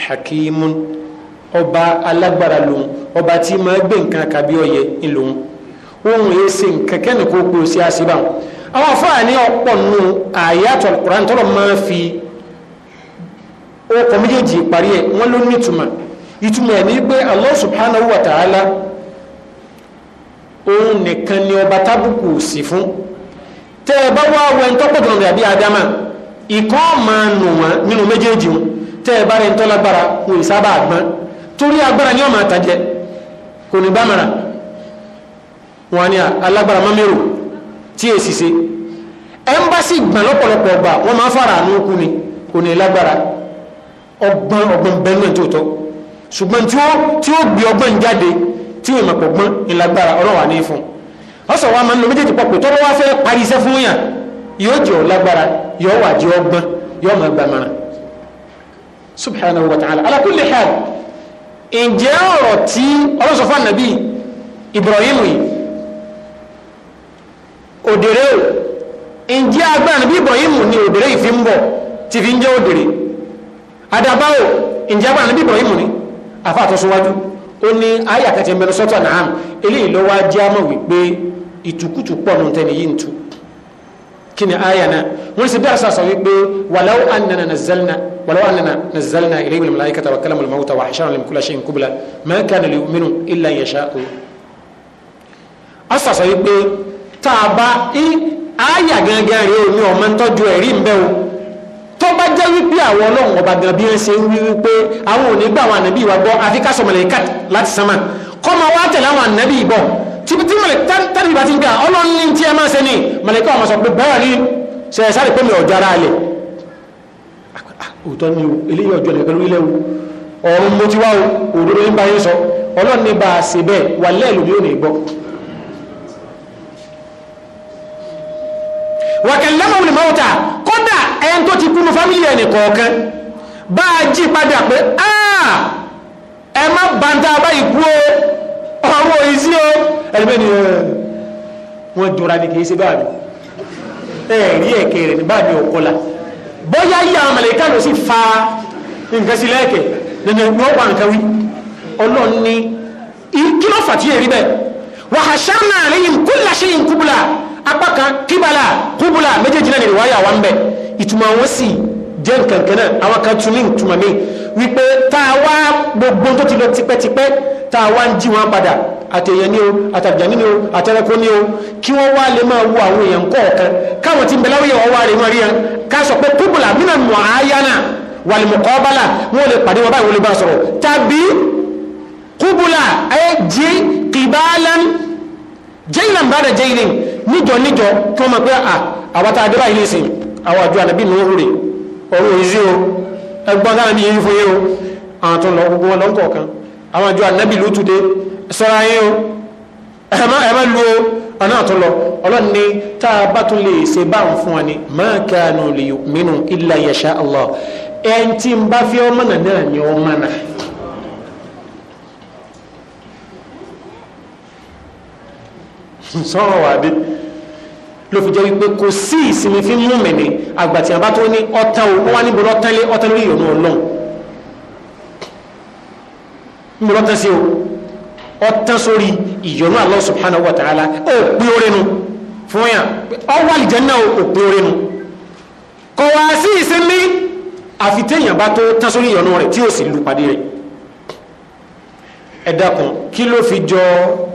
hakimun ọba alágbára lòun ọba tí máa gbé nǹkan kàbí ọyẹ ńlòun ohun èyí ṣe nǹkan kẹ́ni kó kó o sí àṣìbà àwọn afáàní ọ̀pọ̀ nù àyàtọ̀ Kùránì máa fi ọkọ̀ méjèèjì parí ẹ̀ wọ́n ló ní ìtumọ̀ ìtumọ̀ ẹ̀ ní pé Allah subhanahu ta'ala òun nìkan ni ọba tábùkù sí fún tẹ́ ẹ bá wá wẹ ntọ́pọ̀ tó nàbí adama ìkọ́ máa nù wọ́n nínú méjèèjì wọn tẹ́ ẹ bá rẹ ntọ́lágbára kò ì sábà torí agbára ni ọmọ àtàjẹ kò ní bá wọn ni alágbára mọ́mẹ́rò tí èsì se ẹ̀ ń bá sì gbọ́n lọ́pọ̀lọpọ̀ ọgbà wọ́n máa fara àánú kú ni kò ní lágbára ọgbọ́n ọgbọ́n bẹ́ẹ̀ tó tọ́ ṣùgbọ́n tí ó gbé ọgbọ́n jáde tí ìmọ̀ pọ̀ gbọ́n ìlágbára ọlọ́wà ní fún ọ̀sọ̀ wa máa ń lo méjèèjì pọ̀ pé tọ́lọ́ wá fẹ́ parí iṣẹ́ fún yàn yóò jẹ́ ọ̀lágbára yóò wà jẹ́ ọgbọ́n yóò máa gbà mọ́ra subhanahu wa ta'ala ala kulli ǹjẹ́ ọ̀rọ̀ tí ọlọ́sọ̀ fún ànàbí Ibrahim yìí òdèrè ǹjẹ́ agbára ànàbí Ibrahim ni òdèrè yìí fi ń bọ̀ ti fi ń jẹ́ òdèrè adabawo ìjábọ̀ ànábì Ibrahim ni afa àtọ́síwájú ó ní àyà kẹtẹ mẹnu sọ́tọ̀ náà eléyìí lọ́wọ́ ajé àmọ́ wípé ìtukùtù pọ̀ nù tẹ́ni yìí ń tu kí ni àyà náà wọ́n sì bẹ́ẹ̀ sàṣọ wípé wàláwó ànàna nàzẹ́lìnà wàláwó ànàna nàzẹ́lìnà ilayhi al-malaikata wa kalama al-mauta wa hashara lahum kulla shay'in qubla ma kana ń tọ́jú ẹ̀rí tó bá jẹ́ wípé àwọn ọlọ́run ọba gan bí wọ́n ṣe ń wí wípé àwọn ò ní gbà àwọn ànábì wa gbọ́ àfi ká sọmọlẹ̀ ká láti sánmà kọ́ máa wá tẹ̀lé àwọn ànábì bọ̀ tí mọ̀lẹ̀ tẹ́lẹ̀ bá ti gbà ọlọ́run ní tí ẹ máa ṣe ni mọ̀lẹ̀ ọmọ sọ pé bẹ́ẹ̀ rí ṣe ẹ̀ sáré pé mi ọ̀jà ara lẹ̀ òótọ́ ni o eléyìí ọjọ́ wàkẹ̀lẹ́mọ̀ ní mọ́ta kódà ẹn tó ti kúnnú fámílì ẹni kọ̀ọ̀kan bá a jí padà pé áà ẹ má bàtà bá ìkú o ọmọ ìsí o ẹ̀rẹ́bẹ́ ni wọ́n jọra ní kìí ṣe báàbí ẹ̀rí ẹ̀kẹ́ ní báàbí ọ̀kọ́lá bóyá yí fa nǹkan sí lẹ́ẹ̀kẹ́ nínú wọ́n wà nǹkan wí ọlọ́run ní kí ló wàhásánà àríyìn kúlàṣẹ́yìn kúbùlà apá kan kíbalà kúbùlà méjèèjì náà ni ìwáyà wa ń bẹ ìtumọ̀ wọn sì jẹ́ nǹkan kan náà àwọn kan tún ní ìtumọ̀ gbogbo tó ti lọ tipẹ́tipẹ́ tá a wá ń jí wọn padà o àtàbíyàn ni o àtẹ̀rẹ́kọ́ ni o kí wọ́n wá lè máa wo àwọn èèyàn kọ̀ọ̀kan káwọn ti ń bẹ láwùyẹ̀ wọ́n wá rè wọ́n rí yẹn ká sọ pé kúbùlà mí náà mọ̀ áyá náà walimukọbala wọn lè pàdé wọn báyìí wọn lè bá sọ̀rọ̀ tàbí kúbùlà ẹ jẹ kìbálán jẹyìnlá bá níjọ níjọ kí wọ́n máa pé à àwọn tá a débà ilé ìsìn àwọn àjọ ànábì ní òwúrè ọ̀rọ̀ òyìnbí o ẹgbọ́n náà ní yìí fún yìí o àwọn tó lọ gbogbo wọn lọ ń àwọn àjọ ànábì ló tún dé sọ́ra yín o ẹ má lu o ọ̀nà àtúnlọ ọlọ́run ní tá a bá tún lè ṣe bá ń fún wa ni ma kanu li yu'minu illa yasha Allah ẹn tí n bá fi ọmọ náà ọmọ *laughs* wà ló fi jẹ́ wípé kò sí ìsinmi fi mú mẹ́ni àgbàtì àbá tó ní ọ̀tá o wọ́n wá níbo lọ́tán lé ọ̀tán lórí ìyọ̀nù ọlọ́run níbo lọ́tán sí o ọ̀tán sórí ìyọ̀nù Allah subhanahu wa ta'ala ó pé orin nu fún yàn ọwọ́ àlìjẹ́nà ó pé orin nu kò wá sí ìsinmi àfi téèyàn bá tó tán sórí ìyọ̀nù rẹ̀ tí ó sì lu padì rẹ̀ ẹ kí ló fi jọ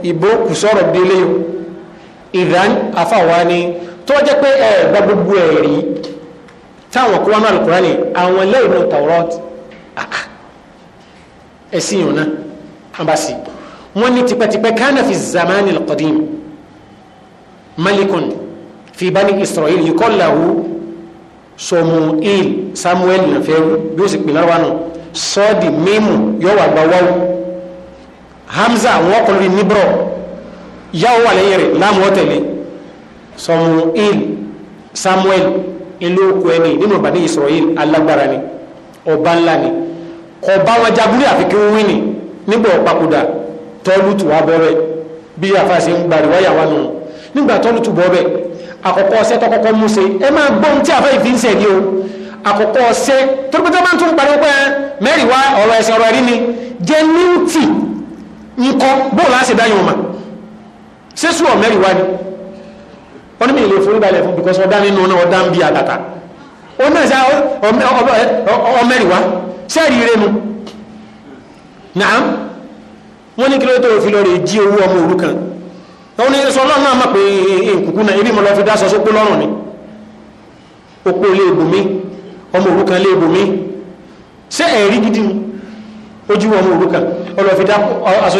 ìbò kùsọ̀rọ̀ délé yìí ìdán afáwa ni tó jẹ́ pé ẹ gba gbogbo ẹ̀rí táwọn kó wá náà lùkúrá ni àwọn ẹlẹ́rìí náà Tawrat ẹ̀sìn yòó náà ambasi wọ́n ní tipẹ́tipẹ́ kánà fi zamani al-qadim malikun fi bani israel yukọ́ lahu somuil samuel nàfẹ́rù bí ó sì pè lọ́wọ́ náà sọ́ọ̀dì mímu yọ̀wọ̀ àgbà hamza àwọn ọkùnrin níbrọ̀ yàwó wà lẹ́yìn rẹ̀ láàmú ọ̀tẹ̀lẹ̀ samuel samuel ìlú okùn ẹni nínú bani israel alágbára ni ọba ńlá ni ọba wọn jagunlé àfikún wíìnì nígbà ọ̀pákúdà tọ́lùtù wa bọ́rẹ̀ bí afáṣe ń gbàrí wáyà wa nù nígbà tọ́lùtù bọ́rẹ̀ àkọ́kọ́ ọsẹ́ tọ́kọ́kọ́ mú ṣe ẹ máa gbọ́n tí afẹ́ ìfi ń sẹ̀ o àkọ́kọ́ ọsẹ́ torípẹ́tẹ́ máa ń tún pariwo pé mẹ́rin ọ̀rọ̀ ẹ̀sìn ọ̀rọ̀ ẹ̀rí ni jẹ́ níwùtì nǹkan bóòlù á sì ṣé sùn ọ̀mẹ́rì wá ní wọ́n mi lè forí balẹ̀ fún because ọ̀dá nínú náà ọ̀dá ń bí àgàtà ó náà sá ọ̀mẹ́rì wá sẹ́ẹ̀rì rẹ nu nàám wọ́n ní kí ló tó fi lọ rè jí owó ọmọ òrukàn wọ́n ní sọ ọlọ́run náà mọ̀ pé nkùkú náà ebi mo lọ fi dá sọ sókó lọ́rùn ni òpó lè bù mí ọmọ òrukàn lè bù mí ṣé ẹ̀rí gidi ojú ọmọ òrukàn ọlọ́fi dá aṣọ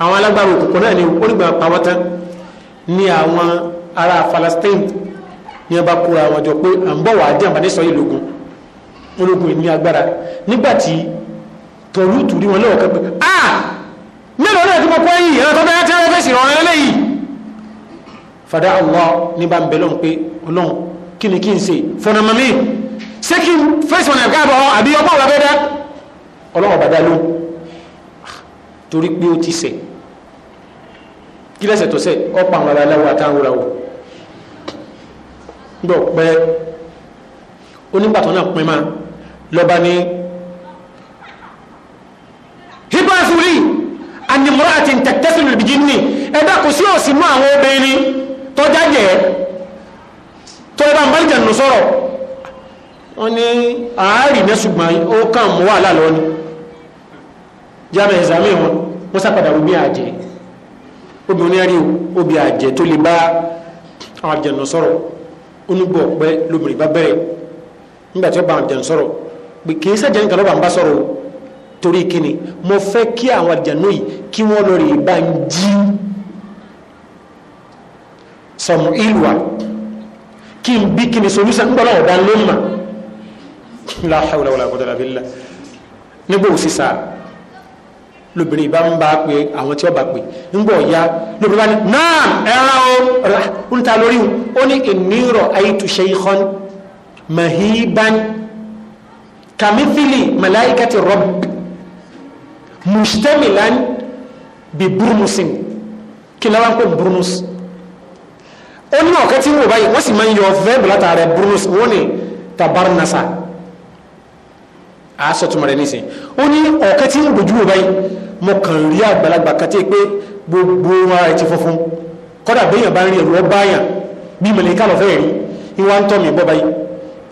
àwọn alágbára òkùnkùn náà ni onígbà pàwọ́tá ní àwọn ará Palestine ní ọba kóra àwọn jọ pé à ń bọ̀ wá jàǹbá ní sọ́yìn lógun ológun ìní agbára nígbàtí tọ̀lú tùrí wọn lọ́wọ́ kẹ́pẹ́ à ah! mélòó náà tí mo kọ́ yìí ẹ̀rọ tó bẹ́ẹ̀ tí wọ́n fẹ́ rọrùn eléyìí fàdá Allah ní ń bẹ̀ lọ́n pé ọlọ́run kí ni kí n ṣe fọ̀nà mọ́mí ṣé kí n fẹ́sì wọn ẹ̀ka àbọ̀ àbí ọgbọ́n ọ̀rọ̀ bẹ́ẹ̀ dá ọlọ́run ọ̀bàdà ló torí pé ó ti sẹ̀ kí lẹ́sẹ̀ tó sẹ̀ ọ̀pọ̀ àwọn aláwọ̀ àtàwòrán o gbọ́ pẹ́ onígbàtọ̀ náà pín máa lọ́ba ní hibafuli animura àti ntẹ̀tẹ̀sìn olùbíjìnnì ẹ̀dá kò sí òsì mọ́ àwọn obìnrin tọ́já jẹ́ tọ́lá mbàlìjà nù sọ̀rọ̀ wọ́n ní àárì náà ṣùgbọ́n ó kàn mọ́ wà lálọ́ ni jámẹ̀ ẹ̀sàmì wọn wọ́n sápadà àjẹ́ obìnrin ẹ̀rí obì àjẹ́ tó lè bá àwọn àjẹ̀nù sọ̀rọ̀ onígbọ̀ pẹ́ lóbìnrin bá bẹ̀rẹ̀ nígbà tí ó bá àwọn àjẹ̀nù sọ̀rọ̀ pé kì í sẹ́jẹ̀ nǹkan lọ́ba ń bá sọ̀rọ̀ o torí kíni mo fẹ́ kí àwọn àjẹ̀nù yìí kí wọ́n lọ rè bá ń jí sọ̀mù ìlú kí n bí kíni solution ńgbọ́n ọ̀dà ló mà láhàwùlà wàlàkùtà làbílà nígbà òsì sáà lóbìnrin bá ń bá pé àwọn tí ó bá pè ń gbọ̀ ya lóbìnrin bá ní náà ẹran o rà ń ta lórí wọn ó ní ìnírọ̀ àìtú shaykhan mahiban kamithili malaikati rabbi mustamilan bi burmusin kí lọ́wọ́ ń pè burmus ó ní ọ̀kẹ́ tí ń wò báyìí wọ́n sì máa ń yọ fẹ́ẹ̀bù látàrẹ burmus wọ́n ní tabarnasa àásọ̀túnmọ̀ rẹ̀ nísìn ó ní ọ̀kẹ́ tí ń wò báyìí mo kàn rí àgbàlagbà kàtí pé gbogbo wọn rẹ̀ ti funfun kọ́dà béèyàn bá ń rí ẹ̀rù ọba àyàn bí mẹ̀lẹ́ká lọ fẹ́ rí ìwà ń tọ́ mi bọ́ báyìí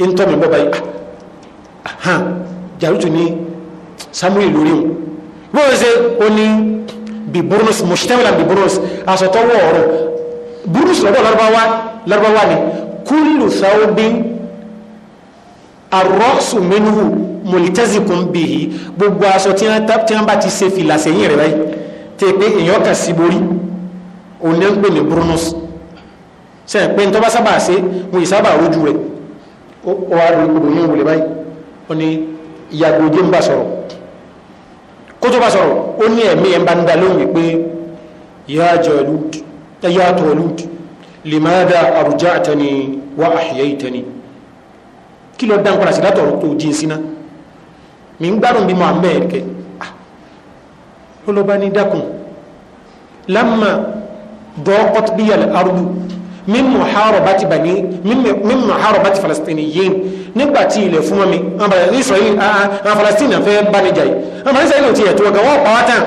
ń tọ́ mi bọ́ báyìí hàn ah, jàrútù ní Samuel lórí wọn wọ́n ṣe ó ní bí burúnus mọ̀ṣítẹ́mìlà bí burúnus àsọtọ́wọ́ ọ̀rọ̀ burúnus lọ́dọ̀ lárúbáwá ni kúlù sáwọ́ bí arọ́sùn mọ̀lítẹ́sìkún bìhì gbogbo aṣọ tí wọ́n bá ti ṣe fìlà sẹ́yìn rẹ̀ báyìí tẹ́ pé èèyàn kà sí borí òun lè ń pè ní brunus ṣe pé ní tó bá sábà ṣe mo ì sábà rojú rẹ̀ ó wá rí gbogbo yín wòlé báyìí ó ní ìyàgò ojú ń bá sọ̀rọ̀ kó tó bá sọ̀rọ̀ ó ní ẹ̀mí ẹ̀ ń bá ń da lóhùn wípé ya Jalud ya Talud limada arja'tani wa ahyaytani kí ló dá ń padà sí tó jí ń síná mi ń gbádùn bí Muhammed kẹ ah, ló lọ bá ní dákun lamma dọ́kọ́t bí yàrá arúgbó min muharabati bani min muharabati falastiniyin nígbà tí ilẹ̀ fún mi àwọn israeli ah, ah, àwọn falastini fẹ́ bani jà yìí àwọn israeli ò ti yẹ̀ tó ọ̀gá wọ́n pa wá tán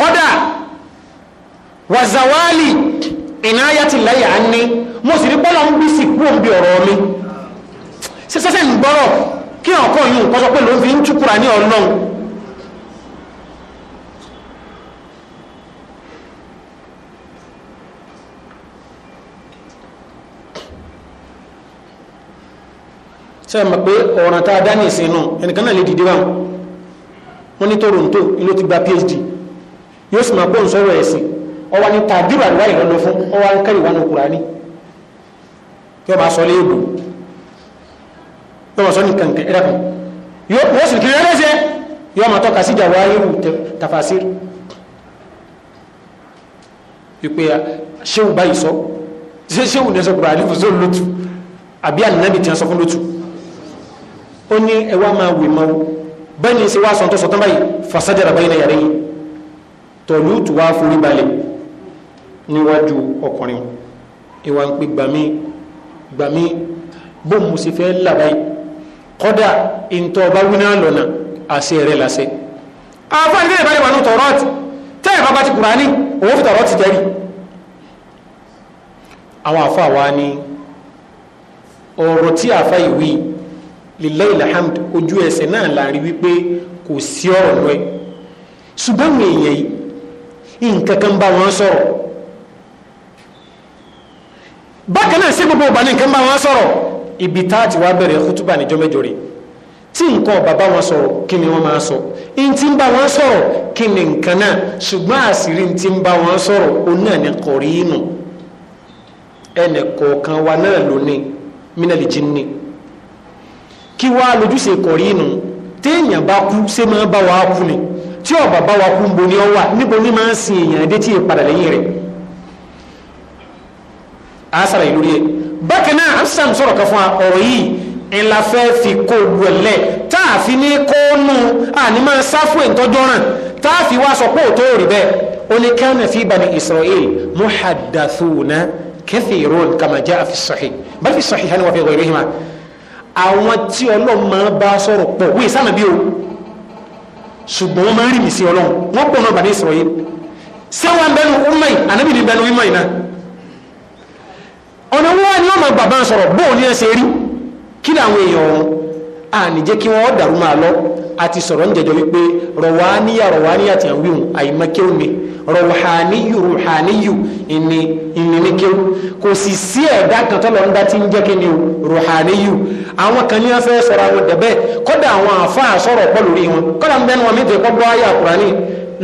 kọ́dà wàzàwálì ìnáyàtì láyà á ní mo sì rí bọ́lá ń bí sí kúrò ọ̀rọ̀ mi ṣe ń gbọ́rọ̀ kí ọkọ yìí nǹkan sọ pé ló fi ń túkúra ní ọlọ́run ṣe mọ̀ pé ọ̀ràn tá a dá ní ìsìn náà ẹnìkan náà lè dìde wà wọ́n ní Toronto ilé ti gba PhD yóò sì máa bóun sọ̀rọ̀ ẹ̀sìn ọwọ́ ni tàbí wà níwáyé lọ́lọ́ fún ọwọ́ akẹ́rìwá ní Kùránì kí ọ máa sọ léèbù yọmọ sọ ní kankan ẹ̀rọ kan yóò sì kiri ẹlẹ́sẹ̀ yọmọ tọ́ka sí jàwáyéwu tafasir wípé ṣéwù báyìí sọ ṣé ṣéwù ní ẹsọ gbọ́dọ̀ àlífù sọ lótú àbí ànábì tí wọ́n sọ fún lótú ni ṣe wá sọ̀tọ̀ sọ̀tọ̀ báyìí fasajara báyìí na yàrá yìí tọ̀lúùtù wá forí balẹ̀ níwájú ọkùnrin ìwà ń pè gbàmí gbàmí bóun mo sì fẹ́ làbáyìí kọ́dà ìntọ́ba wíná lọ́nà àṣẹ rẹ̀ làṣẹ. àwọn ilé ìbáyìí wà ní tọ̀rọ̀tì tẹ́ ẹ̀ bá ti kùránì O fi tọ̀rọ̀tì jẹ́rì. àwọn àfa wa ni ọ̀rọ̀ tí àfa ìwí lillahi alhamd ojú ẹsẹ̀ náà la rí wípé kò sí ọ̀rọ̀ lọ́ẹ̀ ṣùgbọ́n àwọn èèyàn yìí nǹkan kan bá wọn sọ̀rọ̀ bákan náà ṣé gbogbo ìgbà ni nǹkan bá wọn sọ̀rọ̀ ibi táàtì wá bẹ̀rẹ̀ kútúbà níjọ́ mẹ́jọ rẹ̀ tí nǹkan bàbá wọn sọ̀rọ̀ kí ni wọ́n máa sọ in ti ń bá wọn sọ̀rọ̀ kí ni nǹkan náà ṣùgbọ́n àṣírí in ti ń bá wọn sọ̀rọ̀ òun náà ni kọ̀rí inú ẹnì kọ̀ọ̀kan wa náà ló ní mínàlì jí ní kí wá lójúṣe kọ̀rí inú téèyàn bá kú ṣé máa bá wa kú ni tí ọ̀bà bá wa kú ń bo ni ọ wà níbo ni máa ń sin èèyàn dé tí ì padà lẹ́yìn rẹ̀ àṣàrà ìlú rí ẹ̀ bákan náà afisam sọ̀rọ̀ kan fún wa ọ̀rọ̀ yìí ńlá fẹ́ fi kó wẹ̀lẹ̀ tá a fi ní kóónù àní máa sáfù ìtọ́jọ́ ràn tá a fi wá sọ pé òtó rí bẹ́ẹ̀ ó ní kánà fi bani israel muhaddathuna kathirun kama jaa fi sahih bal fi sahihayn wa fi ghayrihima àwọn tí ọlọ́run máa bá sọ̀rọ̀ pọ̀ wíì sáà bí o ṣùgbọ́n wọ́n máa ń rìn mí sí ọlọ́run wọ́n pọ̀ náà bani israel ṣé bẹnu ọmọ yìí ọ̀nà wọ́n ni wọ́n ma bàbá sọ̀rọ̀ bóò ní ẹsẹ̀ rí kí làwọn èèyàn ọ̀hún a ní jẹ́ kí wọ́n dàrú máa lọ àti sọ̀rọ̀ ń jẹjọ wípé rọ̀wáníyà rọ̀wáníyà tí àwọn wíwùn àyìnmákéwù ni rọ̀wáníyù rọ̀háníyù ìní ìníníkéwù kò sì sí ẹ̀dá kan tó lọ ń dá tí ń jẹ́ kí ni rọ̀háníyù àwọn kan ní afẹ́ sọ̀rọ̀ àwọn dẹ̀bẹ́ kọ́dà àwọn àfáà sọ̀rọ̀ pọ̀ lórí wọn kọ́dà ń bẹ́nu wọn mi tẹ̀ kọ́ gbọ́ ayé àkùránì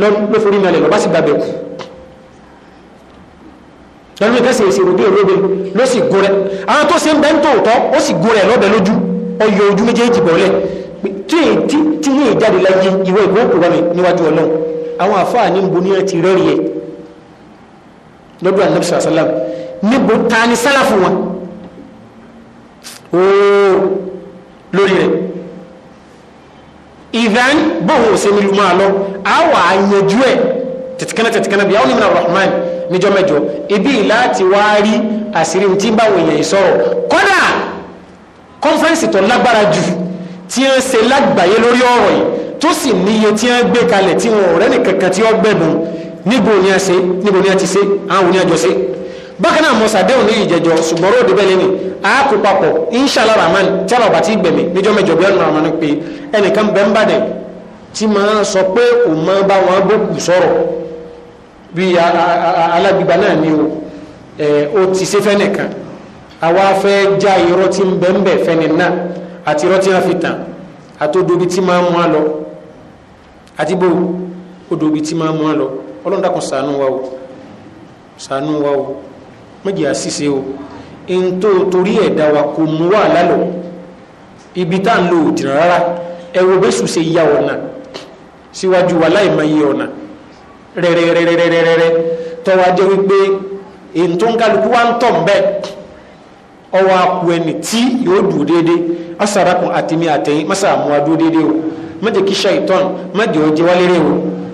lọ́fọ́rí mẹ́lẹ̀ lọ́ba sì gbàgbẹ́ kù lọ́nà ìfẹ́sẹ̀ ìṣèrò bí olóbe ló sì gún rẹ̀ àwọn tó ṣe ń bẹ́ntò tọ́ ó sì gún rẹ̀ lọ́bẹ̀ lójú ọyọ ojú méjèèjì bọ̀ọ́lẹ̀ tí tí tí yìí jáde láyé ìwé ìgbó òkú wà mí níwájú ọlọ́run àwọn àfáà ní bo ní ẹ ti rẹ́rì ẹ lọ́dún ànábì sàlá sàlám níbo ta ni sálàfù wọn ooo lórí rẹ̀ ìdán bóun ò sẹ́ni lu máa lọ àwọn àyànjú ẹ̀ tẹ̀tẹ̀kẹ́nà tẹ̀tẹ̀kẹ́nà bíi àwọn onímọ̀ níjọ́ mẹ́jọ ibi láti wá rí àṣírí tí ń báwọn èèyàn sọ̀rọ̀ kódà kọ́nfẹ́ǹsì tó lágbára jù tí ń ṣe lágbàáyé lórí ọ̀rọ̀ yìí tó sì níye tí ń gbé kalẹ̀ tí wọn ọ̀rẹ́ nìkankan tí ó gbẹ̀bùn níbo ni a ṣe níbo ni a ti ṣe àwọn òní àjọṣe bákan náà mọ̀sá ní ìjẹjọ ṣùgbọ́n róòdù bẹ́ẹ̀ lẹ́nu àákú papọ̀ inshallah rahman tí a bá ti gbẹ̀mí níjọ́ mẹ́jọ bí ẹnu rahman pé ẹnìkan bẹ́ẹ̀ ń bàdẹ̀ tí máa sọ pé òun máa bá wọn gbókù sọ̀rọ̀ bí alágbègbà náà ni o ó ti ṣe fẹ́ nìkan àwa fẹ́ já irọ́ tí ń bẹ fẹ́ni náà àti irọ́ tí wọ́n fi tàn àtòdòbi tí máa ń mú a lọ àti bò odòbi tí máa ń mú a lọ ọlọ́run dákun ṣàánú wa o ṣàánú wa o méjì àṣìṣe o torí ẹ̀dá wa kò mú wa lálọ́ ibi tá à ń lo òdìrán rárá ẹ bẹ́sù ṣe ya ọ̀nà síwájú wa láì máa ọ̀nà. rẹ̀rẹ̀rẹ̀rẹ̀rẹ̀rẹ̀ tọ́wọ́ ajẹ́ wípé èyí tó ń kálukú wá ń tọ̀ ń bẹ́ẹ̀ ọwọ́ akú ẹni tí yóò dùn déédéé asarakun àtẹ̀mí àtẹ̀yìn masa àmúwa dúró déédéé o mẹ́jẹ kí ṣàìtọ́n mẹ́jẹ ọjẹ́ wálé rẹ̀ o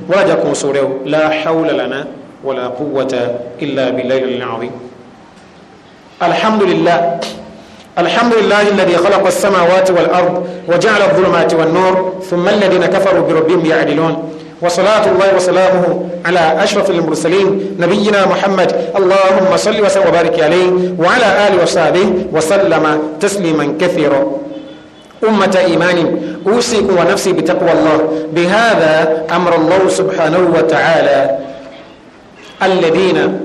wọ́n àjà kan sọ̀rọ̀ o la hawla lana wala quwwata illa billahi al-azim. alhamdulillah alhamdulillah alladhi khalaqa as-samawati wal-ard wa ja'ala adh-dhulumati wan-nur thumma alladhina kafaru bi rabbihim ya'dilun. وصلاة الله وسلامه على أشرف المرسلين نبينا محمد اللهم صل وسلم وبارك عليه وعلى آله وصحبه وسلم تسليما كثيرا أمة إيمان أوصيكم ونفسي بتقوى الله بهذا أمر الله سبحانه وتعالى الذين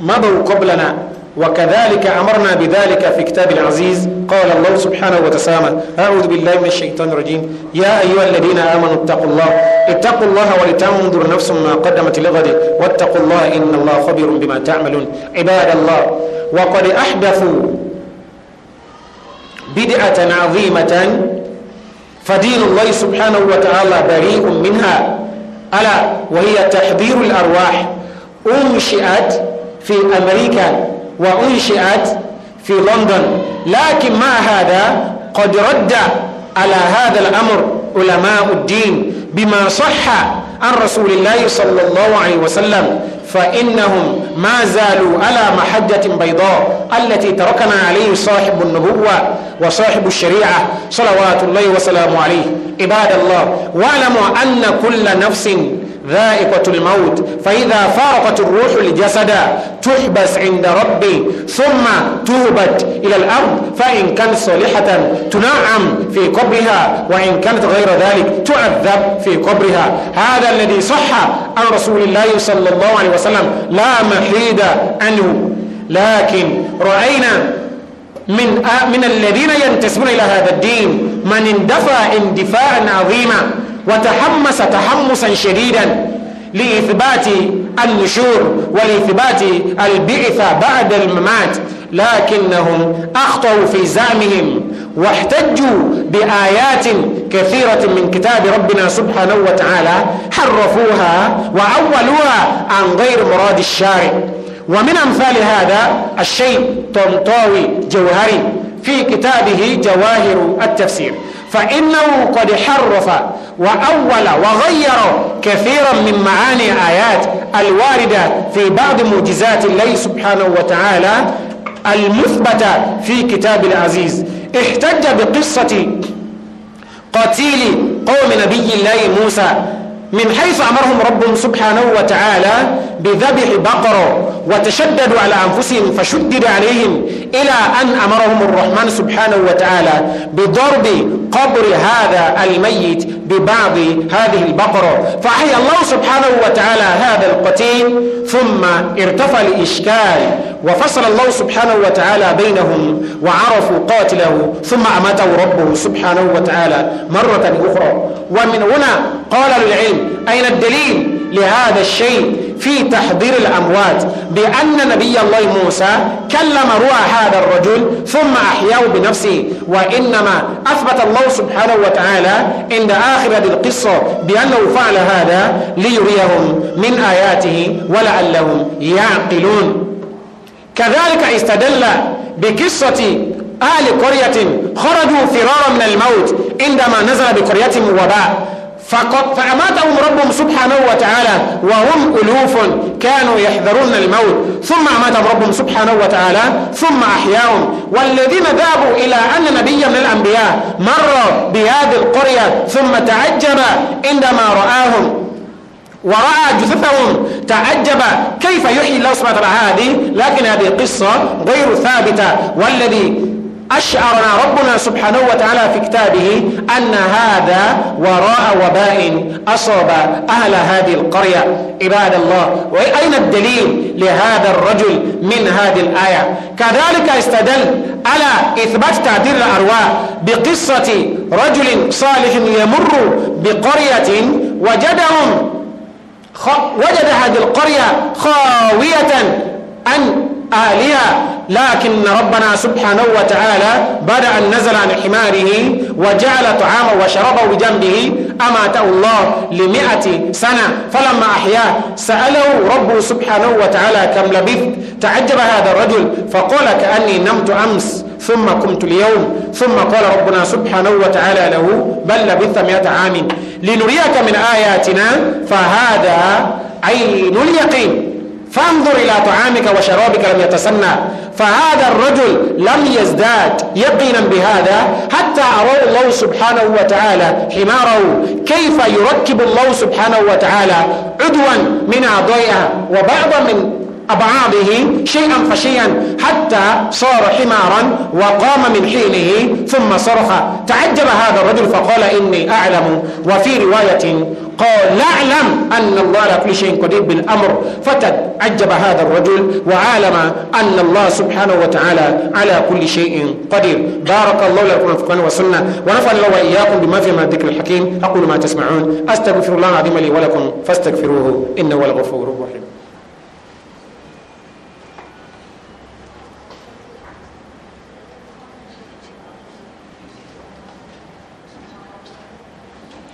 مضوا قبلنا وكذلك أمرنا بذلك في كتاب العزيز قال الله سبحانه وتسامى أعوذ بالله من الشيطان الرجيم يا أيها الذين آمنوا اتقوا الله اتقوا الله ولتنظر نفس ما قدمت لغد واتقوا الله إن الله خبير بما تعملون عباد الله وقد أحدثوا بدعة عظيمة فدين الله سبحانه وتعالى بريء منها ألا وهي تحذير الأرواح أنشئت في أمريكا وأنشئت في لندن لكن مع هذا قد رد على هذا الأمر علماء الدين بما صح عن رسول الله صلى الله عليه وسلم فإنهم ما زالوا على محجة بيضاء التي تركنا عليه صاحب النبوة وصاحب الشريعة صلوات الله وسلامه عليه عباد الله واعلموا أن كل نفس ذائقة الموت فإذا فارقت الروح الجسد تحبس عند ربي ثم توبت إلى الأرض فإن كانت صالحة تنعم في قبرها وإن كانت غير ذلك تعذب في قبرها هذا الذي صح عن رسول الله صلى الله عليه وسلم لا محيد عنه لكن رأينا من من الذين ينتسبون إلى هذا الدين من اندفع اندفاعا عظيما وتحمس تحمسا شديدا لإثبات النشور ولإثبات البعثة بعد الممات لكنهم أخطأوا في زعمهم واحتجوا بآيات كثيرة من كتاب ربنا سبحانه وتعالى حرفوها وعولوها عن غير مراد الشارع ومن أمثال هذا الشيء طنطاوي جوهري في كتابه جواهر التفسير فإنه قد حرف وأول وغير كثيرا من معاني آيات الواردة في بعض معجزات الله سبحانه وتعالى المثبتة في كتاب العزيز احتج بقصة قتيل قوم نبي الله موسى من حيث أمرهم ربهم سبحانه وتعالى بذبح بقرة وتشددوا على أنفسهم فشدد عليهم إلى أن أمرهم الرحمن سبحانه وتعالى بضرب قبر هذا الميت ببعض هذه البقرة فأحيى الله سبحانه وتعالى هذا القتيل ثم ارتفع الإشكال وفصل الله سبحانه وتعالى بينهم وعرفوا قاتله ثم أماته ربه سبحانه وتعالى مرة أخرى ومن هنا قال للعلم أين الدليل لهذا الشيء في تحضير الأموات بأن نبي الله موسى كلم روح هذا الرجل ثم أحياه بنفسه وإنما أثبت الله سبحانه وتعالى عند آخر هذه القصة بأنه فعل هذا ليريهم من آياته ولعلهم يعقلون كذلك استدل بقصة أهل قرية خرجوا فرارا من الموت عندما نزل بقريتهم وباء فقط فأماتهم ربهم سبحانه وتعالى وهم ألوف كانوا يحذرون الموت ثم أماتهم ربهم سبحانه وتعالى ثم أحياهم والذين ذهبوا إلى أن نبيا من الأنبياء مر بهذه القرية ثم تعجب عندما رآهم ورأى جثثهم تعجب كيف يحيي الله سبحانه وتعالى هذه لكن هذه قصة غير ثابتة والذي أشعرنا ربنا سبحانه وتعالى في كتابه أن هذا وراء وباء أصاب أهل هذه القرية عباد الله وأين الدليل لهذا الرجل من هذه الآية كذلك استدل على إثبات تعديل الأرواح بقصة رجل صالح يمر بقرية وجدهم وجد هذه القرية خاوية أن آلهة لكن ربنا سبحانه وتعالى بدأ نزل عن حماره وجعل طعامه وشربه بجنبه أماته الله لمئة سنة فلما أحياه سأله ربه سبحانه وتعالى كم لبثت تعجب هذا الرجل فقال كأني نمت أمس ثم قمت اليوم ثم قال ربنا سبحانه وتعالى له بل لبثت مئة عام لنريك من آياتنا فهذا عين اليقين فانظر إلى طعامك وشرابك لم يتسنى فهذا الرجل لم يزداد يقينا بهذا حتى ارى الله سبحانه وتعالى حماره كيف يركب الله سبحانه وتعالى عدوا من أعضائها وبعضا من أبعاده شيئا فشيئا حتى صار حمارا وقام من حينه ثم صرخ تعجب هذا الرجل فقال إني أعلم وفي رواية قال لا أعلم أن الله على كل شيء قدير بالأمر فتعجب هذا الرجل وعالم أن الله سبحانه وتعالى على كل شيء قدير بارك الله لكم في القرآن والسنة ونفعل الله وإياكم بما في من الذكر الحكيم أقول ما تسمعون أستغفر الله العظيم لي ولكم فاستغفروه إنه الغفور الرحيم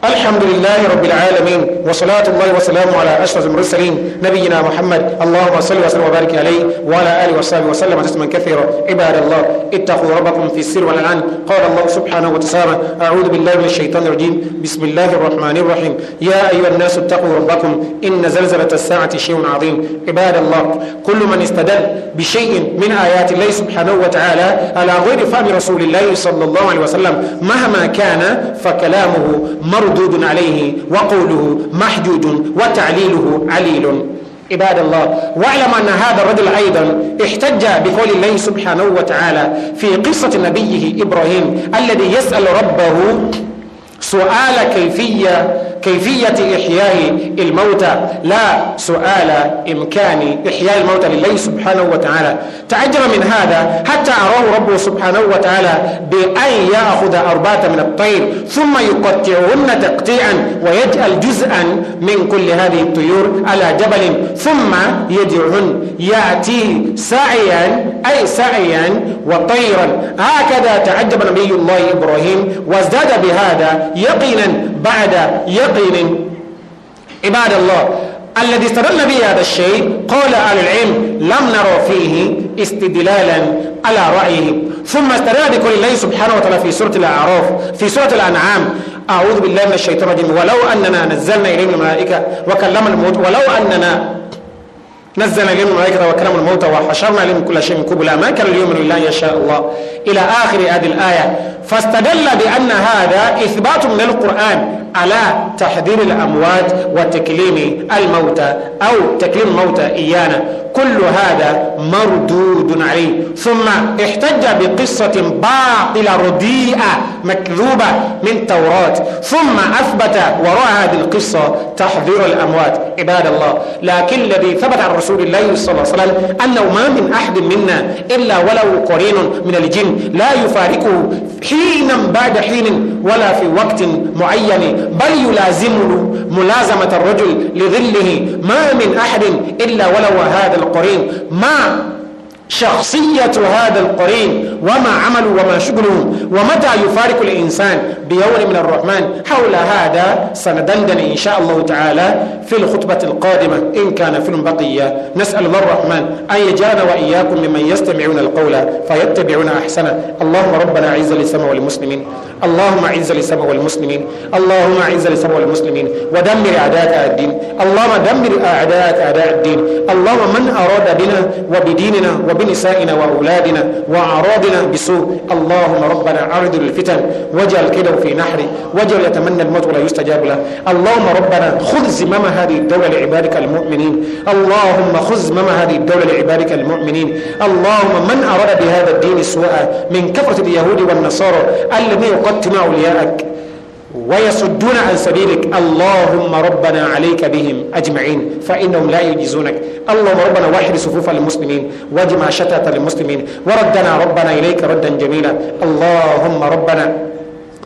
الحمد لله رب العالمين وصلاة الله وسلامه على أشرف المرسلين نبينا محمد اللهم صل وسلم وبارك عليه وعلى آله وصحبه وسلم تسما كثيرا عباد الله اتقوا ربكم في السر والعلن قال الله سبحانه وتعالى أعوذ بالله من الشيطان الرجيم بسم الله الرحمن الرحيم يا أيها الناس اتقوا ربكم إن زلزلة الساعة شيء عظيم عباد الله كل من استدل بشيء من آيات الله سبحانه وتعالى على غير فهم رسول الله صلى الله عليه وسلم مهما كان فكلامه مر مردود عليه وقوله محجود وتعليله عليل عباد الله واعلم أن هذا الرجل أيضا احتج بقول الله سبحانه وتعالى في قصة نبيه إبراهيم الذي يسأل ربه سؤال كيفية كيفية إحياء الموتى لا سؤال إمكان إحياء الموتى لله سبحانه وتعالى تعجب من هذا حتى أراه ربه سبحانه وتعالى بأن يأخذ أربات من الطير ثم يقطعهن تقطيعا ويجعل جزءا من كل هذه الطيور على جبل ثم يدعهن يأتي سعيا أي سعيا وطيرا هكذا تعجب نبي الله إبراهيم وازداد بهذا يقينا بعد يقين عباد الله الذي استدل به هذا الشيء قال أهل العلم لم نرى فيه استدلالا على رأيه ثم استدل بقول الله سبحانه وتعالى في سورة الأعراف في سورة الأنعام أعوذ بالله من الشيطان الرجيم ولو أننا نزلنا إليهم الملائكة وكلمنا الموت ولو أننا نزل إليه الملائكة وكرم الموتى وحشرنا إليهم كل شيء من قبل ما كان اليوم إلا أن يشاء الله إلى آخر هذه الآية فاستدل بأن هذا إثبات من القرآن على تحذير الأموات وتكليم الموتى أو تكليم الموتى إيانا كل هذا مردود عليه ثم احتج بقصة باطلة رديئة مكذوبة من توراة ثم أثبت وراء هذه القصة تحذير الأموات عباد الله لكن الذي ثبت عن رسول الله صلى الله عليه وسلم أنه ما من أحد منا إلا ولو قرين من الجن لا يفارقه حينا بعد حين ولا في وقت معين بل يلازمه ملازمة الرجل لظله ما من أحد إلا ولو هذا القرين القرين مع شخصية هذا القرين وما عمله وما شغله ومتى يفارق الإنسان بيوم من الرحمن حول هذا سندندن إن شاء الله تعالى في الخطبة القادمة إن كان في بقية نسأل الله الرحمن أن يجعلنا وإياكم ممن يستمعون القول فيتبعون أحسنه اللهم ربنا أعز لسماء والمسلمين اللهم أعز لسماء والمسلمين اللهم أعز لسماء والمسلمين ودمر أعداء الدين اللهم دمر أعداء أعداء الدين اللهم من أراد بنا وبديننا وب وبنسائنا وأولادنا وأعراضنا بسوء اللهم ربنا أعرض للفتن واجعل كده في نحري واجعل يتمنى الموت ولا يستجاب له اللهم ربنا خذ زمام هذه الدولة لعبادك المؤمنين اللهم خذ زمام هذه الدولة لعبادك المؤمنين اللهم من أراد بهذا الدين سوءا من كفرة اليهود والنصارى الذين يقتلون أولياءك ويصدون عن سبيلك اللهم ربنا عليك بهم أجمعين فإنهم لا يجيزونك اللهم ربنا واحد صفوف المسلمين واجمع شتات المسلمين وردنا ربنا إليك ردا جميلا اللهم ربنا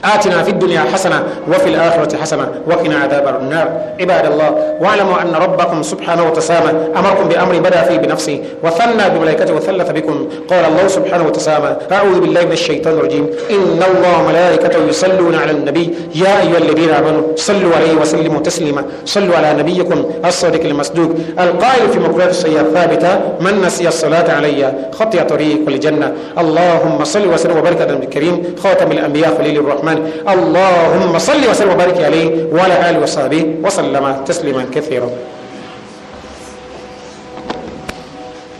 آتنا في الدنيا حسنة وفي الآخرة حسنة وقنا عذاب النار عباد الله واعلموا أن ربكم سبحانه وتسامى أمركم بأمر بدأ فيه بنفسه وثنى بملائكته وثلث بكم قال الله سبحانه وتسامى أعوذ بالله من الشيطان الرجيم إن الله ملائكته يصلون على النبي يا أيها الذين آمنوا صلوا عليه وسلموا تسليما صلوا على نبيكم الصادق المصدوق القائل في مقولات السيئة الثابتة من نسي الصلاة علي خطي طريق الجنة اللهم صل وسلم وبارك على النبي الكريم خاتم الأنبياء خليل الرحمن محمد اللهم صل وسلم وبارك عليه وعلى آله وصحبه وسلم تسليما كثيرا